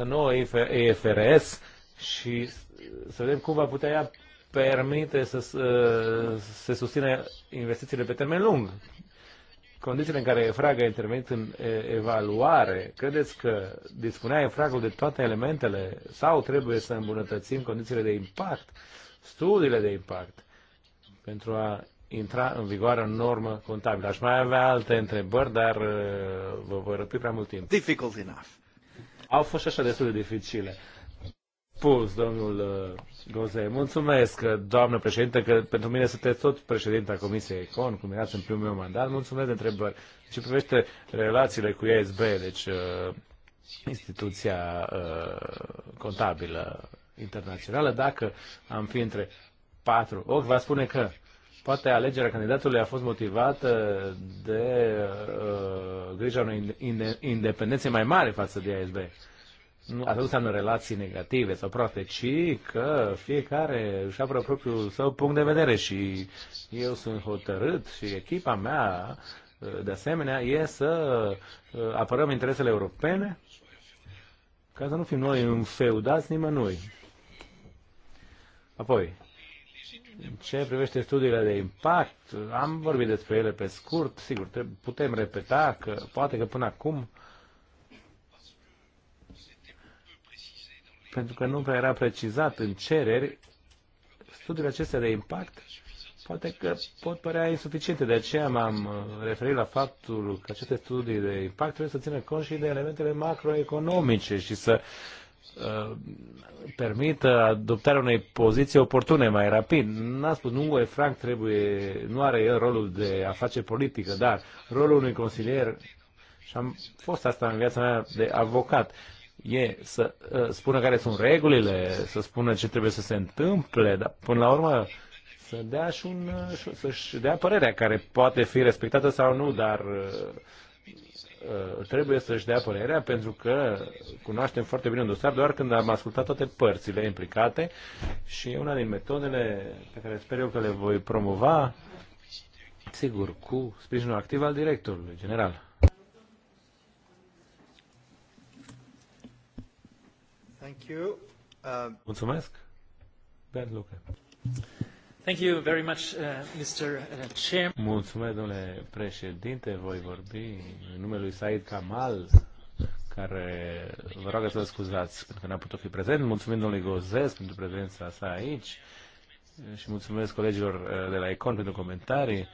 această nouă EFRS și să vedem cum va putea ea permite să, ă, se susțină investițiile pe termen lung. Condițiile în care EFRAG a intervenit în evaluare, credeți că dispunea efrag de toate elementele sau trebuie să îmbunătățim condițiile de impact, studiile de impact, pentru a intra în vigoare o normă contabilă? Aș mai avea alte întrebări, dar ă, vă voi răpi prea mult timp. Difficult enough au fost și așa destul de dificile. Spus, domnul uh, Gozei. Mulțumesc, doamnă președinte, că pentru mine sunteți tot președinta Comisiei Econ, cum erați în primul meu mandat. Mulțumesc de întrebări. Ce privește relațiile cu ESB, deci uh, instituția uh, contabilă internațională, dacă am fi între patru ochi, va spune că Poate alegerea candidatului a fost motivată de uh, grija unei independențe mai mare față de ASB. Nu, asta nu înseamnă relații negative sau proaste, ci că fiecare își apără propriul său punct de vedere și eu sunt hotărât și echipa mea, uh, de asemenea, e să uh, apărăm interesele europene ca să nu fim noi înfeudați nimănui. Apoi, ce privește studiile de impact, am vorbit despre ele pe scurt, sigur, putem repeta că poate că până acum pentru că nu prea era precizat în cereri, studiile acestea de impact poate că pot părea insuficiente. De aceea m-am uh, referit la faptul că aceste studii de impact trebuie să țină cont și de elementele macroeconomice și să uh, Uh, permită adoptarea unei poziții oportune mai rapid. N-a spus, nu, Frank trebuie, nu are el rolul de a face politică, dar rolul unui consilier, și am fost asta în viața mea de avocat, e să uh, spună care sunt regulile, să spună ce trebuie să se întâmple, dar până la urmă să dea și un, uh, să-și dea părerea care poate fi respectată sau nu, dar uh, Uh, trebuie să-și dea părerea pentru că cunoaștem foarte bine un dosar doar când am ascultat toate părțile implicate și una din metodele pe care sper eu că le voi promova, sigur, cu sprijinul activ al directorului general. Thank you. Uh... Mulțumesc. Bad Luca. Uh, uh, mulțumesc, domnule președinte. Voi vorbi în numele lui Said Kamal, care vă rog să vă scuzați pentru că n-a putut fi prezent. Mulțumim domnului Gozes pentru prezența sa aici și mulțumesc colegilor uh, de la Econ pentru comentarii.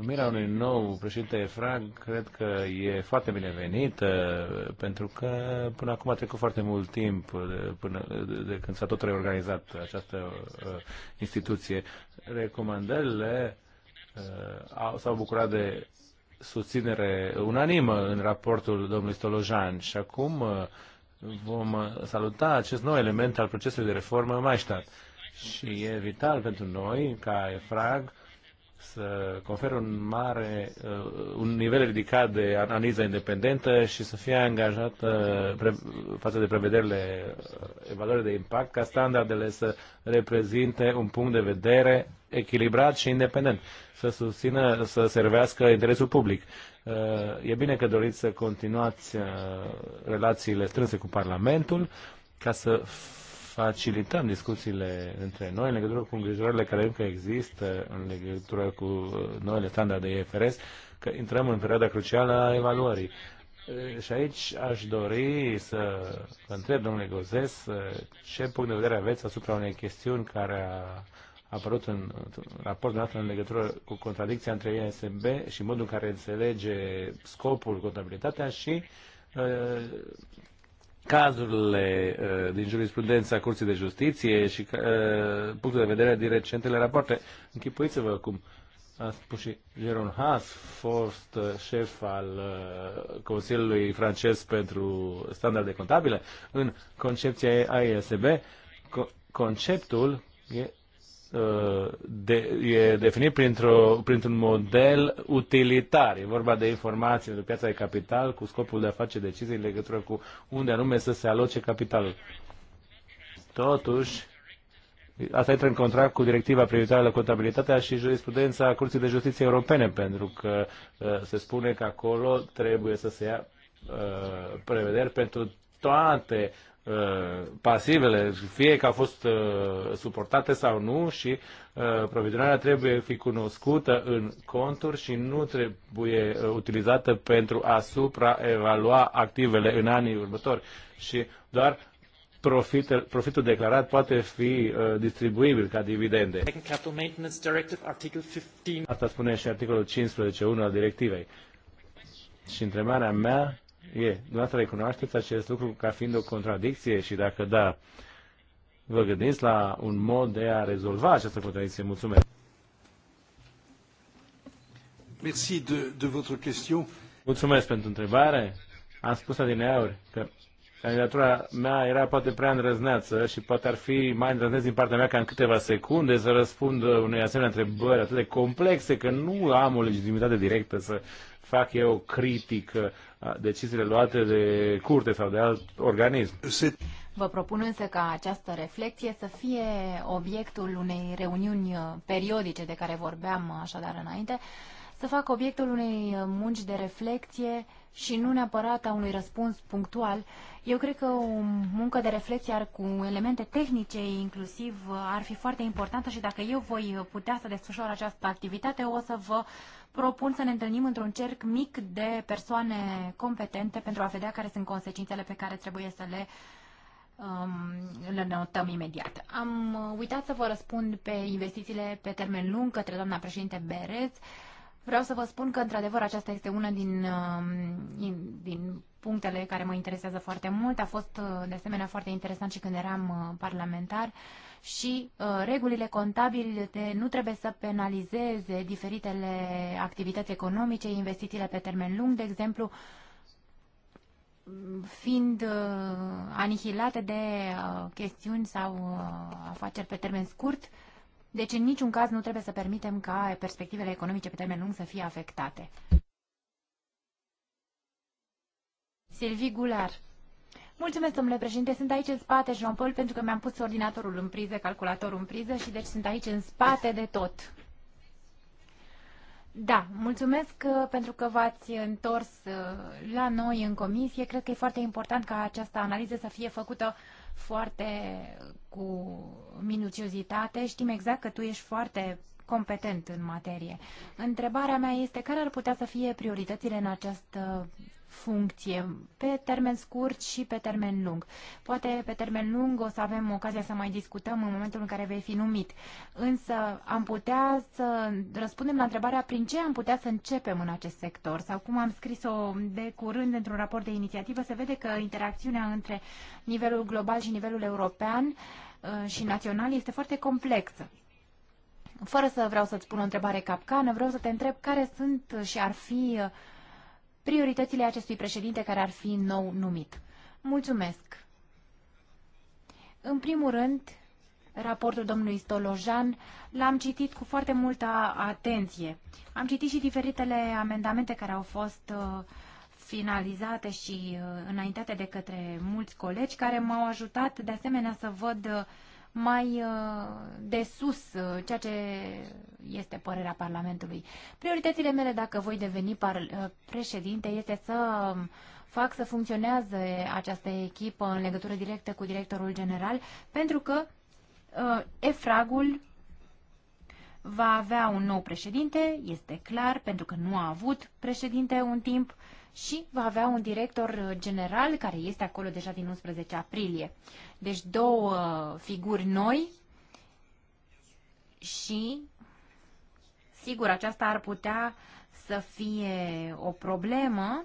Numirea unui nou președinte EFRAG cred că e foarte binevenită, pentru că până acum a trecut foarte mult timp de, până, de când s-a tot reorganizat această uh, instituție. Recomandările uh, s-au bucurat de susținere unanimă în raportul domnului Stolojan și acum uh, vom saluta acest nou element al procesului de reformă stat. Și e vital pentru noi, ca EFRAG, uh, să conferă un mare, uh, un nivel ridicat de analiză independentă și să fie angajată pre, față de prevederile uh, evaluării de impact, ca standardele să reprezinte un punct de vedere echilibrat și independent, să susțină, să servească interesul public. Uh, e bine că doriți să continuați relațiile strânse cu Parlamentul ca să facilităm discuțiile între noi în legătură cu îngrijorările care încă există în legătură cu uh, noile standarde IFRS, că intrăm în perioada crucială a evaluării. Uh, și aici aș dori să vă întreb, domnule Gozes, uh, ce punct de vedere aveți asupra unei chestiuni care a apărut în raportul nostru în legătură cu contradicția între ISMB și modul în care înțelege scopul contabilitatea și cazurile uh, din jurisprudența Curții de Justiție și uh, punctul de vedere din recentele rapoarte. Închipuiți-vă cum a spus și Jeron Haas, fost uh, șef al uh, Consiliului francez pentru standarde contabile, în concepția ASB, co- conceptul e de, e definit printr un model utilitar. E vorba de informații de piața de capital cu scopul de a face decizii în legătură cu unde anume să se aloce capitalul. Totuși, asta intră în contract cu directiva privitoare la contabilitatea și jurisprudența Curții de Justiție Europene, pentru că uh, se spune că acolo trebuie să se ia uh, prevederi pentru toate Uh, pasivele, fie că au fost uh, suportate sau nu și uh, provizionarea trebuie fi cunoscută în conturi și nu trebuie utilizată pentru a supraevalua activele în anii următori și doar profitul, profitul declarat poate fi uh, distribuibil ca dividende. Asta spune și articolul 15.1 al directivei. Și întrebarea mea e. Dumneavoastră recunoașteți acest lucru ca fiind o contradicție și dacă da, vă gândiți la un mod de a rezolva această contradicție. Mulțumesc. Merci de, de votre question. Mulțumesc pentru întrebare. Am spus adineauri că candidatura mea era poate prea îndrăzneață și poate ar fi mai îndrăzneț din partea mea ca în câteva secunde să răspund unei asemenea întrebări atât de complexe că nu am o legitimitate directă să fac eu critic uh, deciziile luate de curte sau de alt organism. Vă propun însă ca această reflexie să fie obiectul unei reuniuni uh, periodice de care vorbeam uh, așadar înainte, să fac obiectul unei munci de reflexie și nu neapărat a unui răspuns punctual. Eu cred că o muncă de reflexie ar, cu elemente tehnice inclusiv ar fi foarte importantă și dacă eu voi putea să desfășor această activitate, o să vă uh, propun să ne întâlnim într-un cerc mic de persoane competente pentru a vedea care sunt consecințele pe care trebuie să le um, le notăm imediat. Am uh, uitat să vă răspund pe investițiile pe termen lung către doamna președinte Berez. Vreau să vă spun că, într-adevăr, aceasta este una din, um, din punctele care mă interesează foarte mult. A fost, uh, de asemenea, foarte interesant și când eram uh, parlamentar și uh, regulile contabile nu trebuie să penalizeze diferitele activități economice, investițiile pe termen lung, de exemplu, fiind uh, anihilate de uh, chestiuni sau uh, afaceri pe termen scurt, deci în niciun caz nu trebuie să permitem ca perspectivele economice pe termen lung să fie afectate. Silvi Gular Mulțumesc, domnule președinte. Sunt aici în spate, Jean-Paul, pentru că mi-am pus ordinatorul în priză, calculatorul în priză și deci sunt aici în spate de tot. Da, mulțumesc uh, pentru că v-ați întors uh, la noi în comisie. Cred că e foarte important ca această analiză să fie făcută foarte uh, cu minuciozitate. Știm exact că tu ești foarte competent în materie. Întrebarea mea este care ar putea să fie prioritățile în această funcție pe termen scurt și pe termen lung. Poate pe termen lung o să avem ocazia să mai discutăm în momentul în care vei fi numit, însă am putea să răspundem la întrebarea prin ce am putea să începem în acest sector sau cum am scris-o de curând într-un raport de inițiativă, se vede că interacțiunea între nivelul global și nivelul european uh, și național este foarte complexă. Fără să vreau să-ți pun o întrebare capcană, vreau să te întreb care sunt și ar fi prioritățile acestui președinte care ar fi nou numit. Mulțumesc! În primul rând, raportul domnului Stolojan l-am citit cu foarte multă atenție. Am citit și diferitele amendamente care au fost uh, finalizate și uh, înaintate de către mulți colegi care m-au ajutat de asemenea să văd uh, mai uh, de sus, uh, ceea ce este părerea Parlamentului. Prioritățile mele, dacă voi deveni uh, președinte, este să fac să funcționeze această echipă în legătură directă cu directorul general, pentru că EFRAG-ul va avea un nou președinte, este clar, pentru că nu a avut președinte un timp și va avea un director uh, general care este acolo deja din 11 aprilie. Deci două figuri noi și sigur aceasta ar putea să fie o problemă,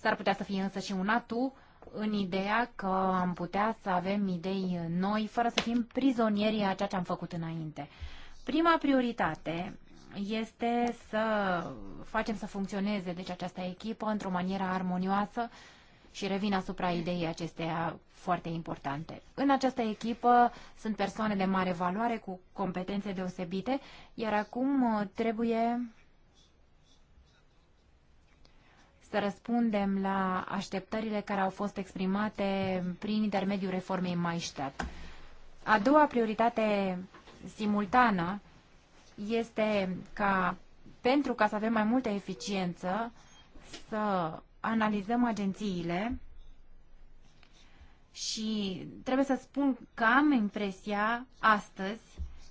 s-ar putea să fie însă și un atu în ideea că am putea să avem idei noi fără să fim prizonieri a ceea ce am făcut înainte. Prima prioritate este să facem să funcționeze deci această echipă într-o manieră armonioasă și revin asupra ideii acesteia foarte importante. În această echipă sunt persoane de mare valoare cu competențe deosebite, iar acum uh, trebuie să răspundem la așteptările care au fost exprimate prin intermediul reformei Maistat. A doua prioritate simultană este ca pentru ca să avem mai multă eficiență să analizăm agențiile și trebuie să spun că am impresia astăzi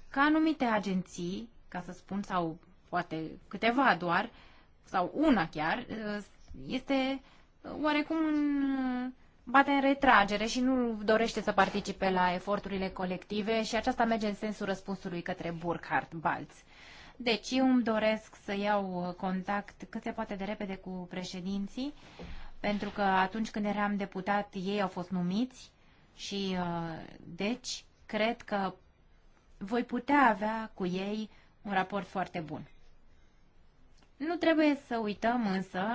că anumite agenții, ca să spun, sau poate câteva doar, sau una chiar, este oarecum în bate în retragere și nu dorește să participe la eforturile colective și aceasta merge în sensul răspunsului către Burkhard Balz. Deci eu îmi doresc să iau contact cât se poate de repede cu președinții, pentru că atunci când eram deputat ei au fost numiți și uh, deci cred că voi putea avea cu ei un raport foarte bun. Nu trebuie să uităm însă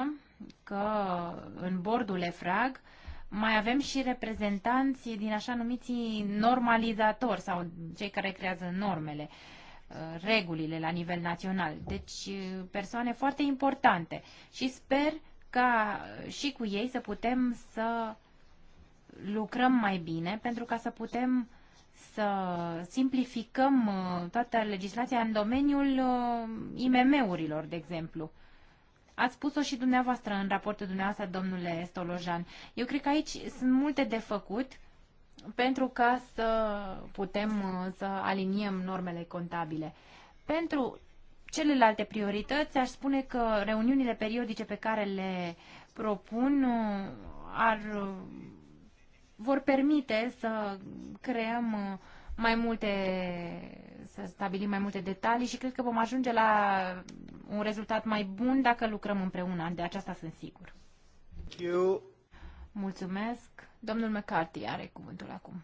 că în bordul EFRAG mai avem și reprezentanți din așa numiții normalizatori sau cei care creează normele, uh, regulile la nivel național. Deci uh, persoane foarte importante și sper ca și cu ei să putem să lucrăm mai bine pentru ca să putem să simplificăm uh, toată legislația în domeniul IMM-urilor, de exemplu. Ați spus-o și dumneavoastră în raportul dumneavoastră, domnule Stolojan. Eu cred că aici sunt multe de făcut pentru ca să putem uh, să aliniem normele contabile. Pentru celelalte priorități, aș spune că reuniunile periodice pe care le propun uh, ar, uh, vor permite să creăm mai multe să stabilim mai multe detalii și cred că vom ajunge la un rezultat mai bun dacă lucrăm împreună. De aceasta sunt sigur. Mulțumesc. Mulțumesc. Domnul McCarthy are cuvântul acum.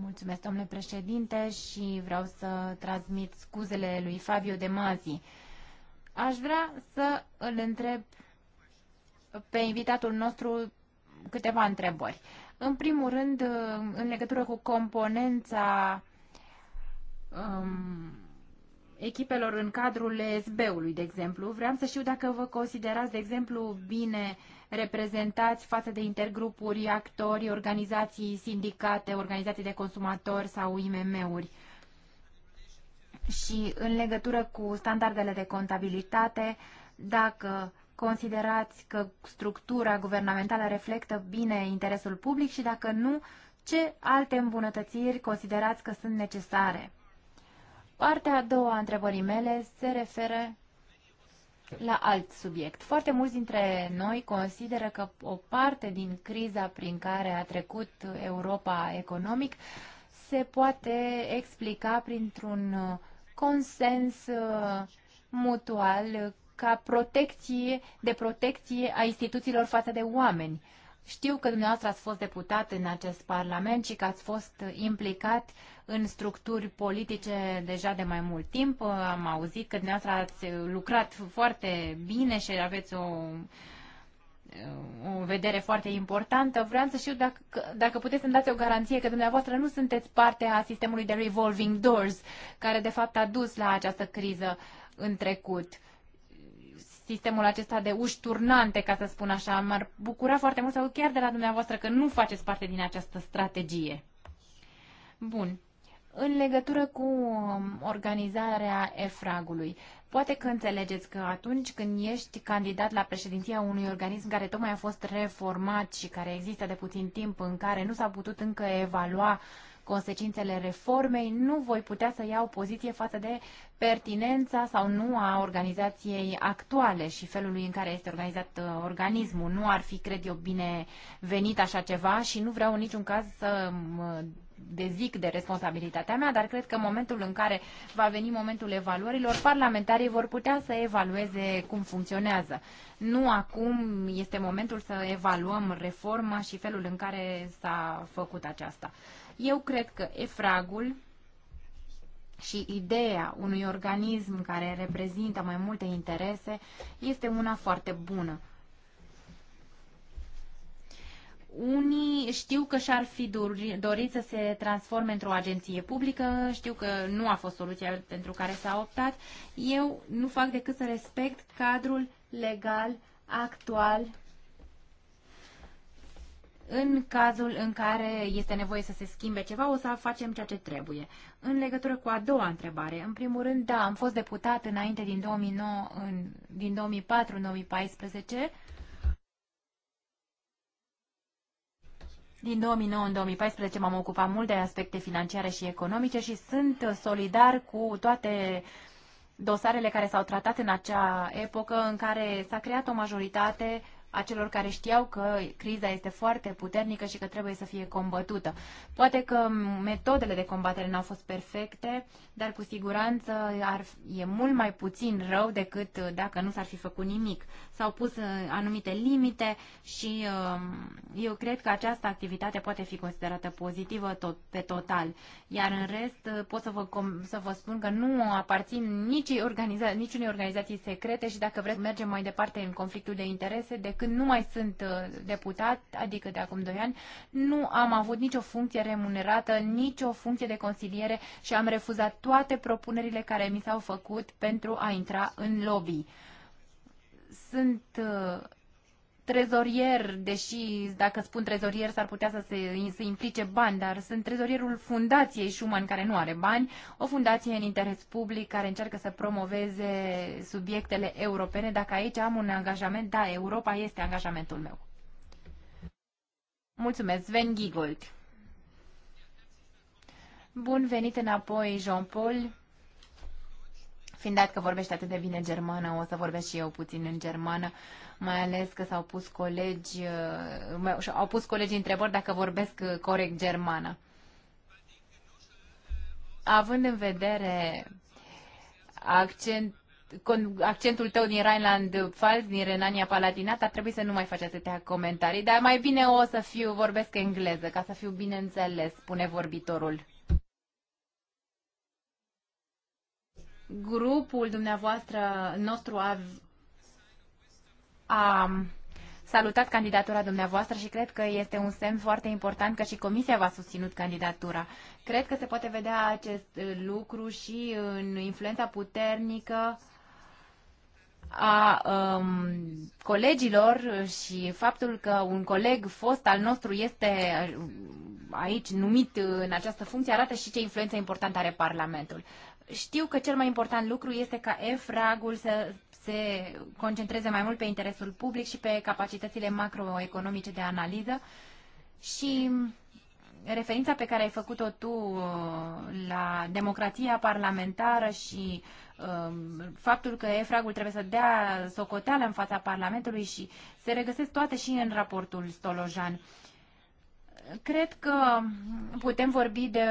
Mulțumesc, domnule președinte, și vreau să transmit scuzele lui Fabio De Mazi. Aș vrea să îl întreb pe invitatul nostru câteva întrebări. În primul rând, în legătură cu componența um, echipelor în cadrul ESB-ului, de exemplu. Vreau să știu dacă vă considerați, de exemplu, bine reprezentați față de intergrupuri, actori, organizații sindicate, organizații de consumatori sau IMM-uri. Și în legătură cu standardele de contabilitate, dacă considerați că structura guvernamentală reflectă bine interesul public și dacă nu, ce alte îmbunătățiri considerați că sunt necesare? Partea a doua a întrebării mele se referă la alt subiect. Foarte mulți dintre noi consideră că o parte din criza prin care a trecut Europa economic se poate explica printr-un consens uh, mutual ca protecție de protecție a instituțiilor față de oameni. Știu că dumneavoastră ați fost deputat în acest Parlament și că ați fost implicat în structuri politice deja de mai mult timp. Am auzit că dumneavoastră ați lucrat foarte bine și aveți o, o vedere foarte importantă. Vreau să știu dacă, dacă puteți să-mi dați o garanție că dumneavoastră nu sunteți parte a sistemului de revolving doors, care de fapt a dus la această criză în trecut. Uh, sistemul acesta de uși turnante, ca să spun așa. M-ar bucura foarte mult să aud chiar de la dumneavoastră că nu faceți parte din această strategie. Bun. În legătură cu um, organizarea EFRAG-ului, poate că înțelegeți că atunci când ești candidat la președinția unui organism care tocmai a fost reformat și care există de puțin timp, în care nu s-a putut încă evalua uh, consecințele reformei, nu voi putea să iau poziție față de pertinența sau nu a organizației actuale și felului în care este organizat uh, organismul. Nu ar fi, cred eu, bine venit așa ceva și nu vreau în niciun caz să dezic de responsabilitatea mea, dar cred că în momentul în care va veni momentul evaluărilor, parlamentarii vor putea să evalueze cum funcționează. Nu acum este momentul să evaluăm reforma și felul în care s-a făcut aceasta. Eu cred că efragul și ideea unui organism care reprezintă mai multe interese este una foarte bună. Unii știu că și-ar fi dorit să se transforme într-o agenție publică, știu că nu a fost soluția pentru care s-a optat. Eu nu fac decât să respect cadrul legal actual în cazul în care este nevoie să se schimbe ceva, o să facem ceea ce trebuie. În legătură cu a doua întrebare, în primul rând, da, am fost deputat înainte din 2009, în, din 2004-2014, Din 2009 în 2014 m-am ocupat mult de aspecte financiare și economice și sunt solidar cu toate dosarele care s-au tratat în acea epocă în care s-a creat o majoritate a celor care știau că criza este foarte puternică și că trebuie să fie combătută. Poate că metodele de combatere n-au fost perfecte, dar cu siguranță ar, e mult mai puțin rău decât uh, dacă nu s-ar fi făcut nimic. S-au pus uh, anumite limite și um, eu cred că această activitate poate fi considerată pozitivă tot, pe total. Iar în rest uh, pot să vă, să vă spun că nu aparțin nici organiza, niciunei organizații secrete și dacă vreți mergem mai departe în conflictul de interese, de când nu mai sunt uh, deputat, adică de acum 2 ani, nu am avut nicio funcție remunerată, nicio funcție de consiliere și am refuzat toate propunerile care mi s-au făcut pentru a intra în lobby. Sunt uh, trezorier, deși dacă spun trezorier s-ar putea să se să implice bani, dar sunt trezorierul fundației Schumann care nu are bani, o fundație în interes public care încearcă să promoveze subiectele europene. Dacă aici am un angajament, da, Europa este angajamentul meu. Mulțumesc, Sven Giegold. Bun venit înapoi, Jean-Paul. Fiind dat că vorbește atât de bine germană, o să vorbesc și eu puțin în germană. Uh, mai ales că s-au pus colegi, uh, au pus colegi întrebări dacă vorbesc uh, corect germană. Având în vedere accent, accentul tău din Rheinland-Pfalz, din Renania-Palatinat, ar trebui să nu mai faci atâtea comentarii, dar mai bine o să fiu, vorbesc engleză, ca să fiu bineînțeles, spune vorbitorul. Grupul dumneavoastră nostru a a salutat candidatura dumneavoastră și cred că este un semn foarte important că și Comisia v-a susținut candidatura. Cred că se poate vedea acest lucru și în influența puternică a um, colegilor și faptul că un coleg fost al nostru este aici numit în această funcție arată și ce influență importantă are Parlamentul. Știu că cel mai important lucru este ca EFRAG-ul să se concentreze mai mult pe interesul public și pe capacitățile macroeconomice de analiză și referința pe care ai făcut-o tu uh, la democrația parlamentară și um, faptul că EFRAG-ul trebuie să dea socoteală în fața Parlamentului și se regăsesc toate și în raportul Stolojan. Cred că putem vorbi de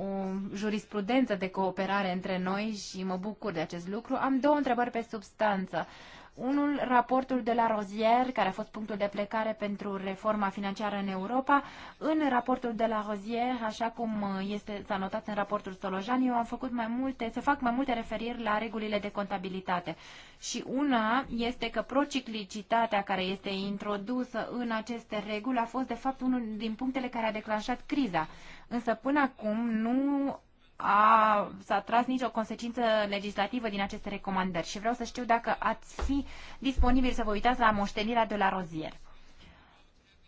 o jurisprudență de cooperare între noi și mă bucur de acest lucru. Am două întrebări pe substanță. Unul, raportul de la Rozier, care a fost punctul de plecare pentru reforma financiară în Europa. În raportul de la Rozier, așa cum uh, este, s-a notat în raportul Stolojan, eu am făcut mai multe, se fac mai multe referiri la regulile de contabilitate. Și una este că prociclicitatea care este introdusă în aceste reguli a fost, de fapt, unul din punctele care a declanșat criza. Însă, până acum, nu a, s-a tras nicio consecință legislativă din aceste recomandări și vreau să știu dacă ați fi disponibil să vă uitați la moștenirea de la rozier.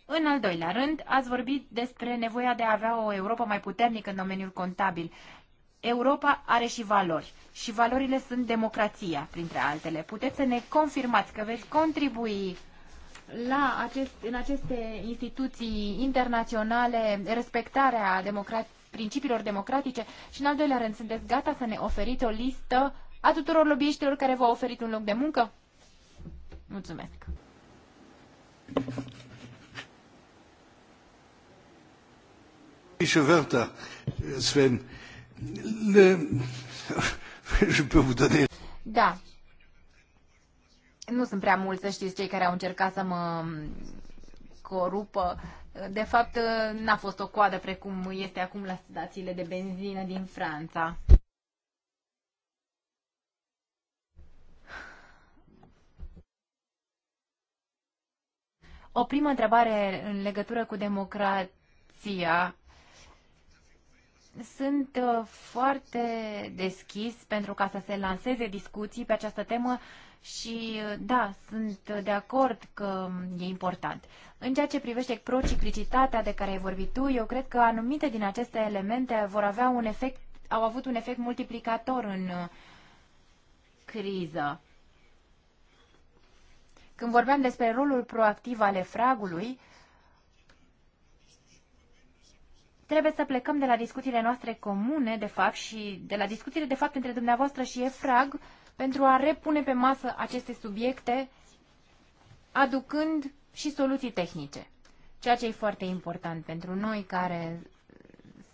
În al doilea rând, ați vorbit despre nevoia de a avea o Europa mai puternică în domeniul contabil. Europa are și valori și valorile sunt democrația, printre altele. Puteți să ne confirmați că veți contribui la acest, în aceste instituții internaționale respectarea democrației principiilor democratice și, în al doilea rând, sunteți gata să ne oferiți o listă a tuturor lobbyiștilor care v-au oferit un loc de muncă? Mulțumesc! Sven. Le... Je peux vous donner... Da. Nu sunt prea mulți, să știți, cei care au încercat să mă corupă de fapt, n-a fost o coadă precum este acum la stațiile de benzină din Franța. O primă întrebare în legătură cu democrația. Sunt uh, foarte deschis pentru ca să se lanseze discuții pe această temă și da, sunt de acord că e important. În ceea ce privește prociclicitatea de care ai vorbit tu, eu cred că anumite din aceste elemente vor avea un efect, au avut un efect multiplicator în uh, criză. Când vorbeam despre rolul proactiv ale fragului, trebuie să plecăm de la discuțiile noastre comune, de fapt, și de la discuțiile, de fapt, între dumneavoastră și EFRAG, frag pentru a repune pe masă aceste subiecte, aducând și soluții tehnice. Ceea ce e foarte important pentru noi care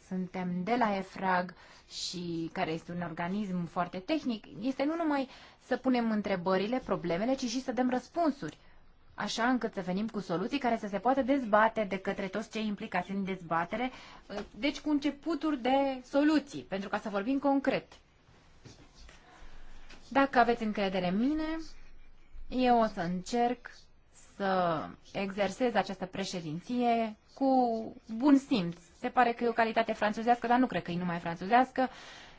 suntem de la EFRAG și care este un organism foarte tehnic, este nu numai să punem întrebările, problemele, ci și să dăm răspunsuri, așa încât să venim cu soluții care să se poată dezbate de către toți cei implicați în dezbatere, deci cu începuturi de soluții, pentru ca să vorbim concret. Dacă aveți încredere în mine, eu o să încerc să exersez această președinție cu bun simț. Se pare că e o calitate franțuzească, dar nu cred că e numai franțuzească,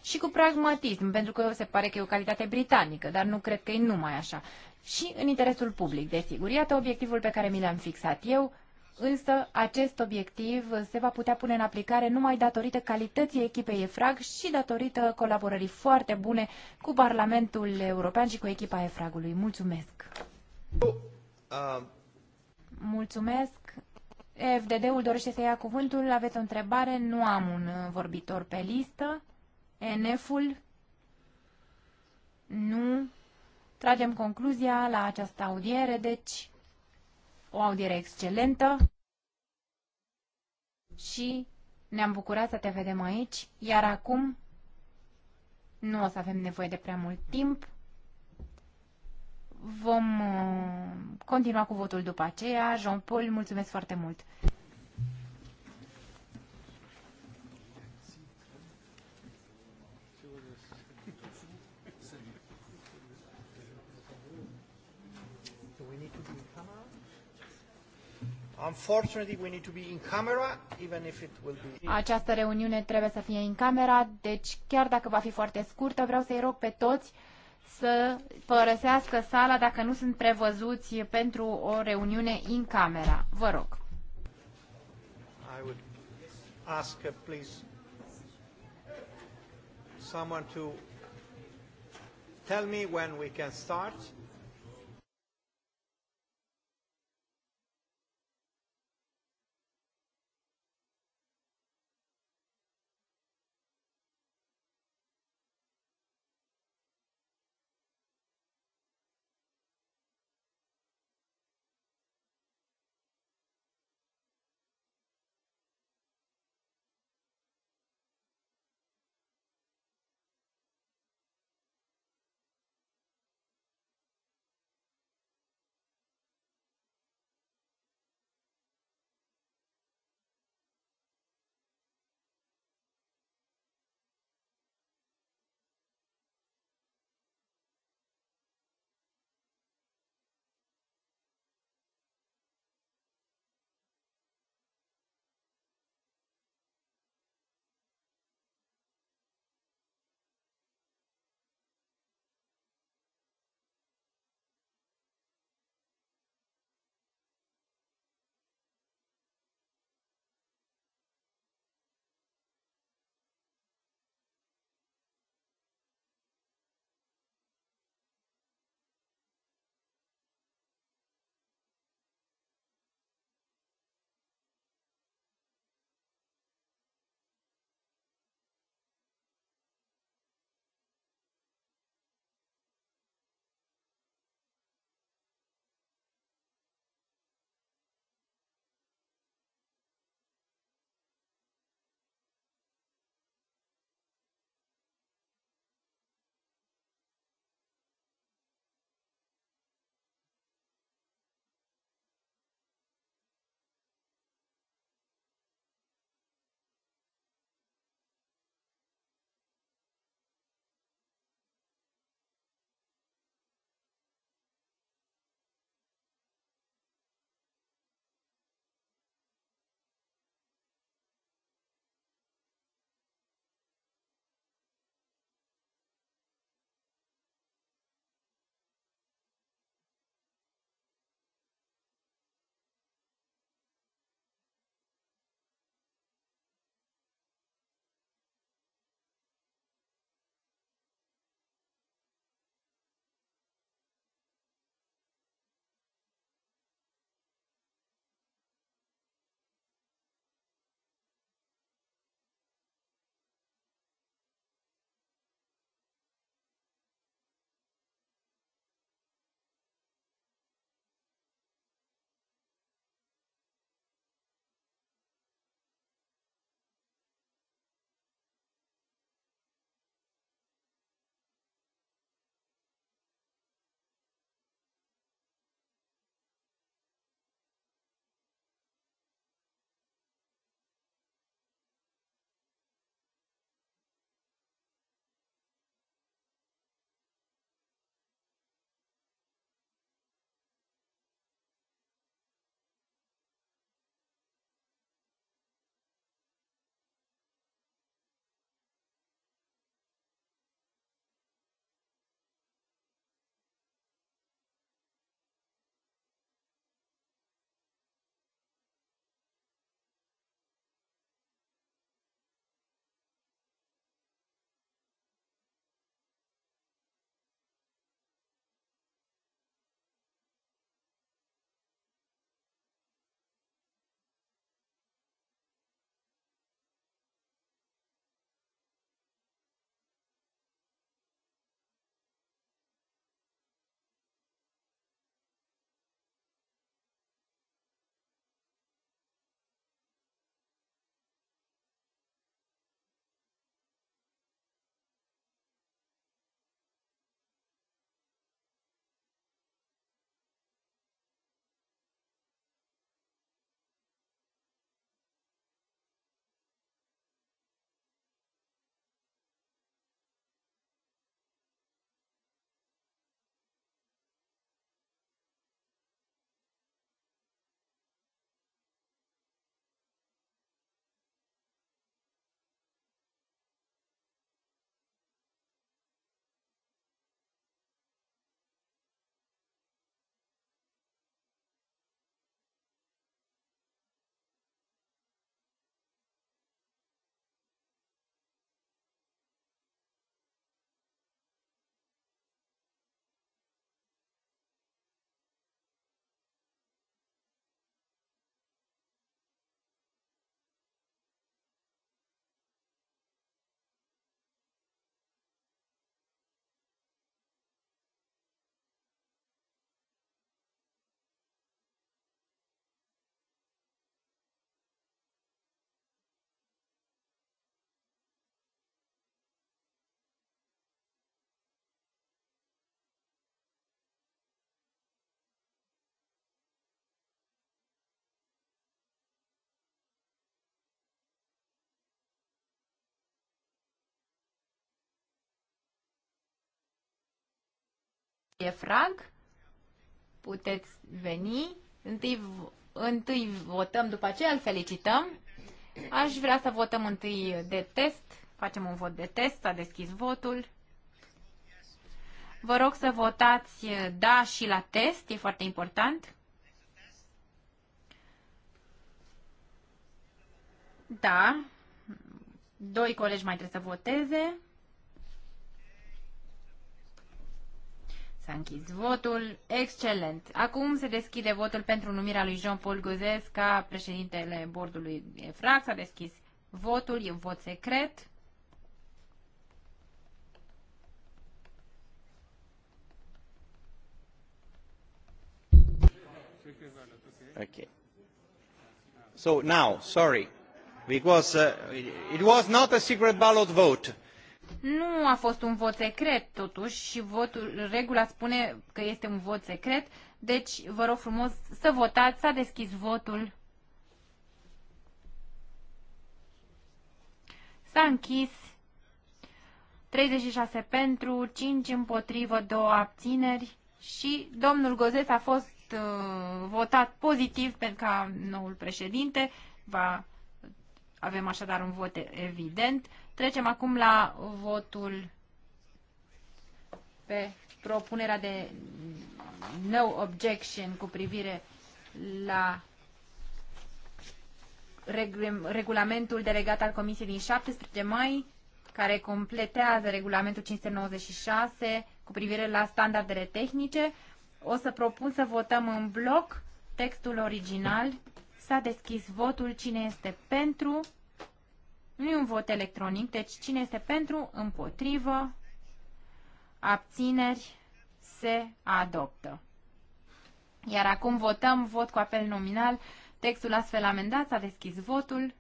și cu pragmatism, pentru că se pare că e o calitate britanică, dar nu cred că e numai așa. Și în interesul public, desigur. Iată obiectivul pe care mi l-am fixat eu Însă acest obiectiv se va putea pune în aplicare numai datorită calității echipei EFRAG și datorită colaborării foarte bune cu Parlamentul European și cu echipa EFRAG-ului. Mulțumesc! Mulțumesc! FDD-ul dorește să ia cuvântul. Aveți o întrebare? Nu am un vorbitor pe listă. NF-ul? Nu. Tragem concluzia la această audiere, deci o audiere excelentă și ne-am bucurat să te vedem aici, iar acum nu o să avem nevoie de prea mult timp. Vom uh, continua cu votul după aceea. Jean-Paul, mulțumesc foarte mult! Această reuniune trebuie să fie în camera, deci chiar dacă va fi foarte scurtă, vreau să-i rog pe toți să părăsească sala dacă nu sunt prevăzuți pentru o reuniune în camera. Vă rog. I would ask, uh, please, someone to tell me when we can start. e frag, puteți veni. Întâi, întâi votăm, după aceea îl felicităm. Aș vrea să votăm întâi de test. Facem un vot de test, s-a deschis votul. Vă rog să votați da și la test, e foarte important. Da, doi colegi mai trebuie să voteze. S-a închis votul. Excelent. Acum se deschide votul pentru numirea lui Jean-Paul Gozes ca președintele bordului EFRAC. S-a deschis votul. E un vot secret. Okay. So now, sorry, because uh, it was not a secret ballot vote. Nu a fost un vot secret, totuși, și votul, regula spune că este un vot secret, deci vă rog frumos să votați, s-a deschis votul. S-a închis 36 pentru, 5 împotrivă, 2 abțineri și domnul Gozes a fost uh, votat pozitiv pentru ca noul președinte va avem așadar un vot evident. Trecem acum la votul pe propunerea de no objection cu privire la regulamentul delegat al Comisiei din 17 mai, care completează regulamentul 596 cu privire la standardele tehnice. O să propun să votăm în bloc textul original. S-a deschis votul. Cine este pentru? Nu e un vot electronic, deci cine este pentru, împotrivă, abțineri, se adoptă. Iar acum votăm vot cu apel nominal. Textul astfel amendat s-a deschis votul.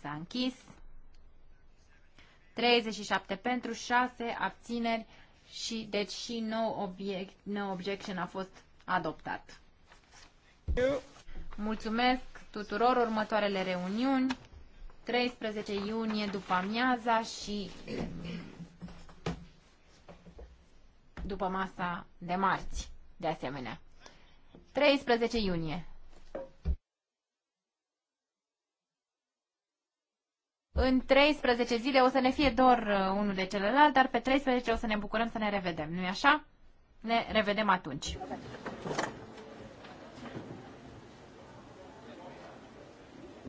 S-a închis. 37 pentru, 6 abțineri și deci și no, object, no objection a fost adoptat. Mulțumesc! tuturor următoarele reuniuni, 13 iunie după amiaza și mm, după masa de marți, de asemenea. 13 iunie. În 13 zile o să ne fie dor uh, unul de celălalt, dar pe 13 o să ne bucurăm să ne revedem, nu-i așa? Ne revedem atunci.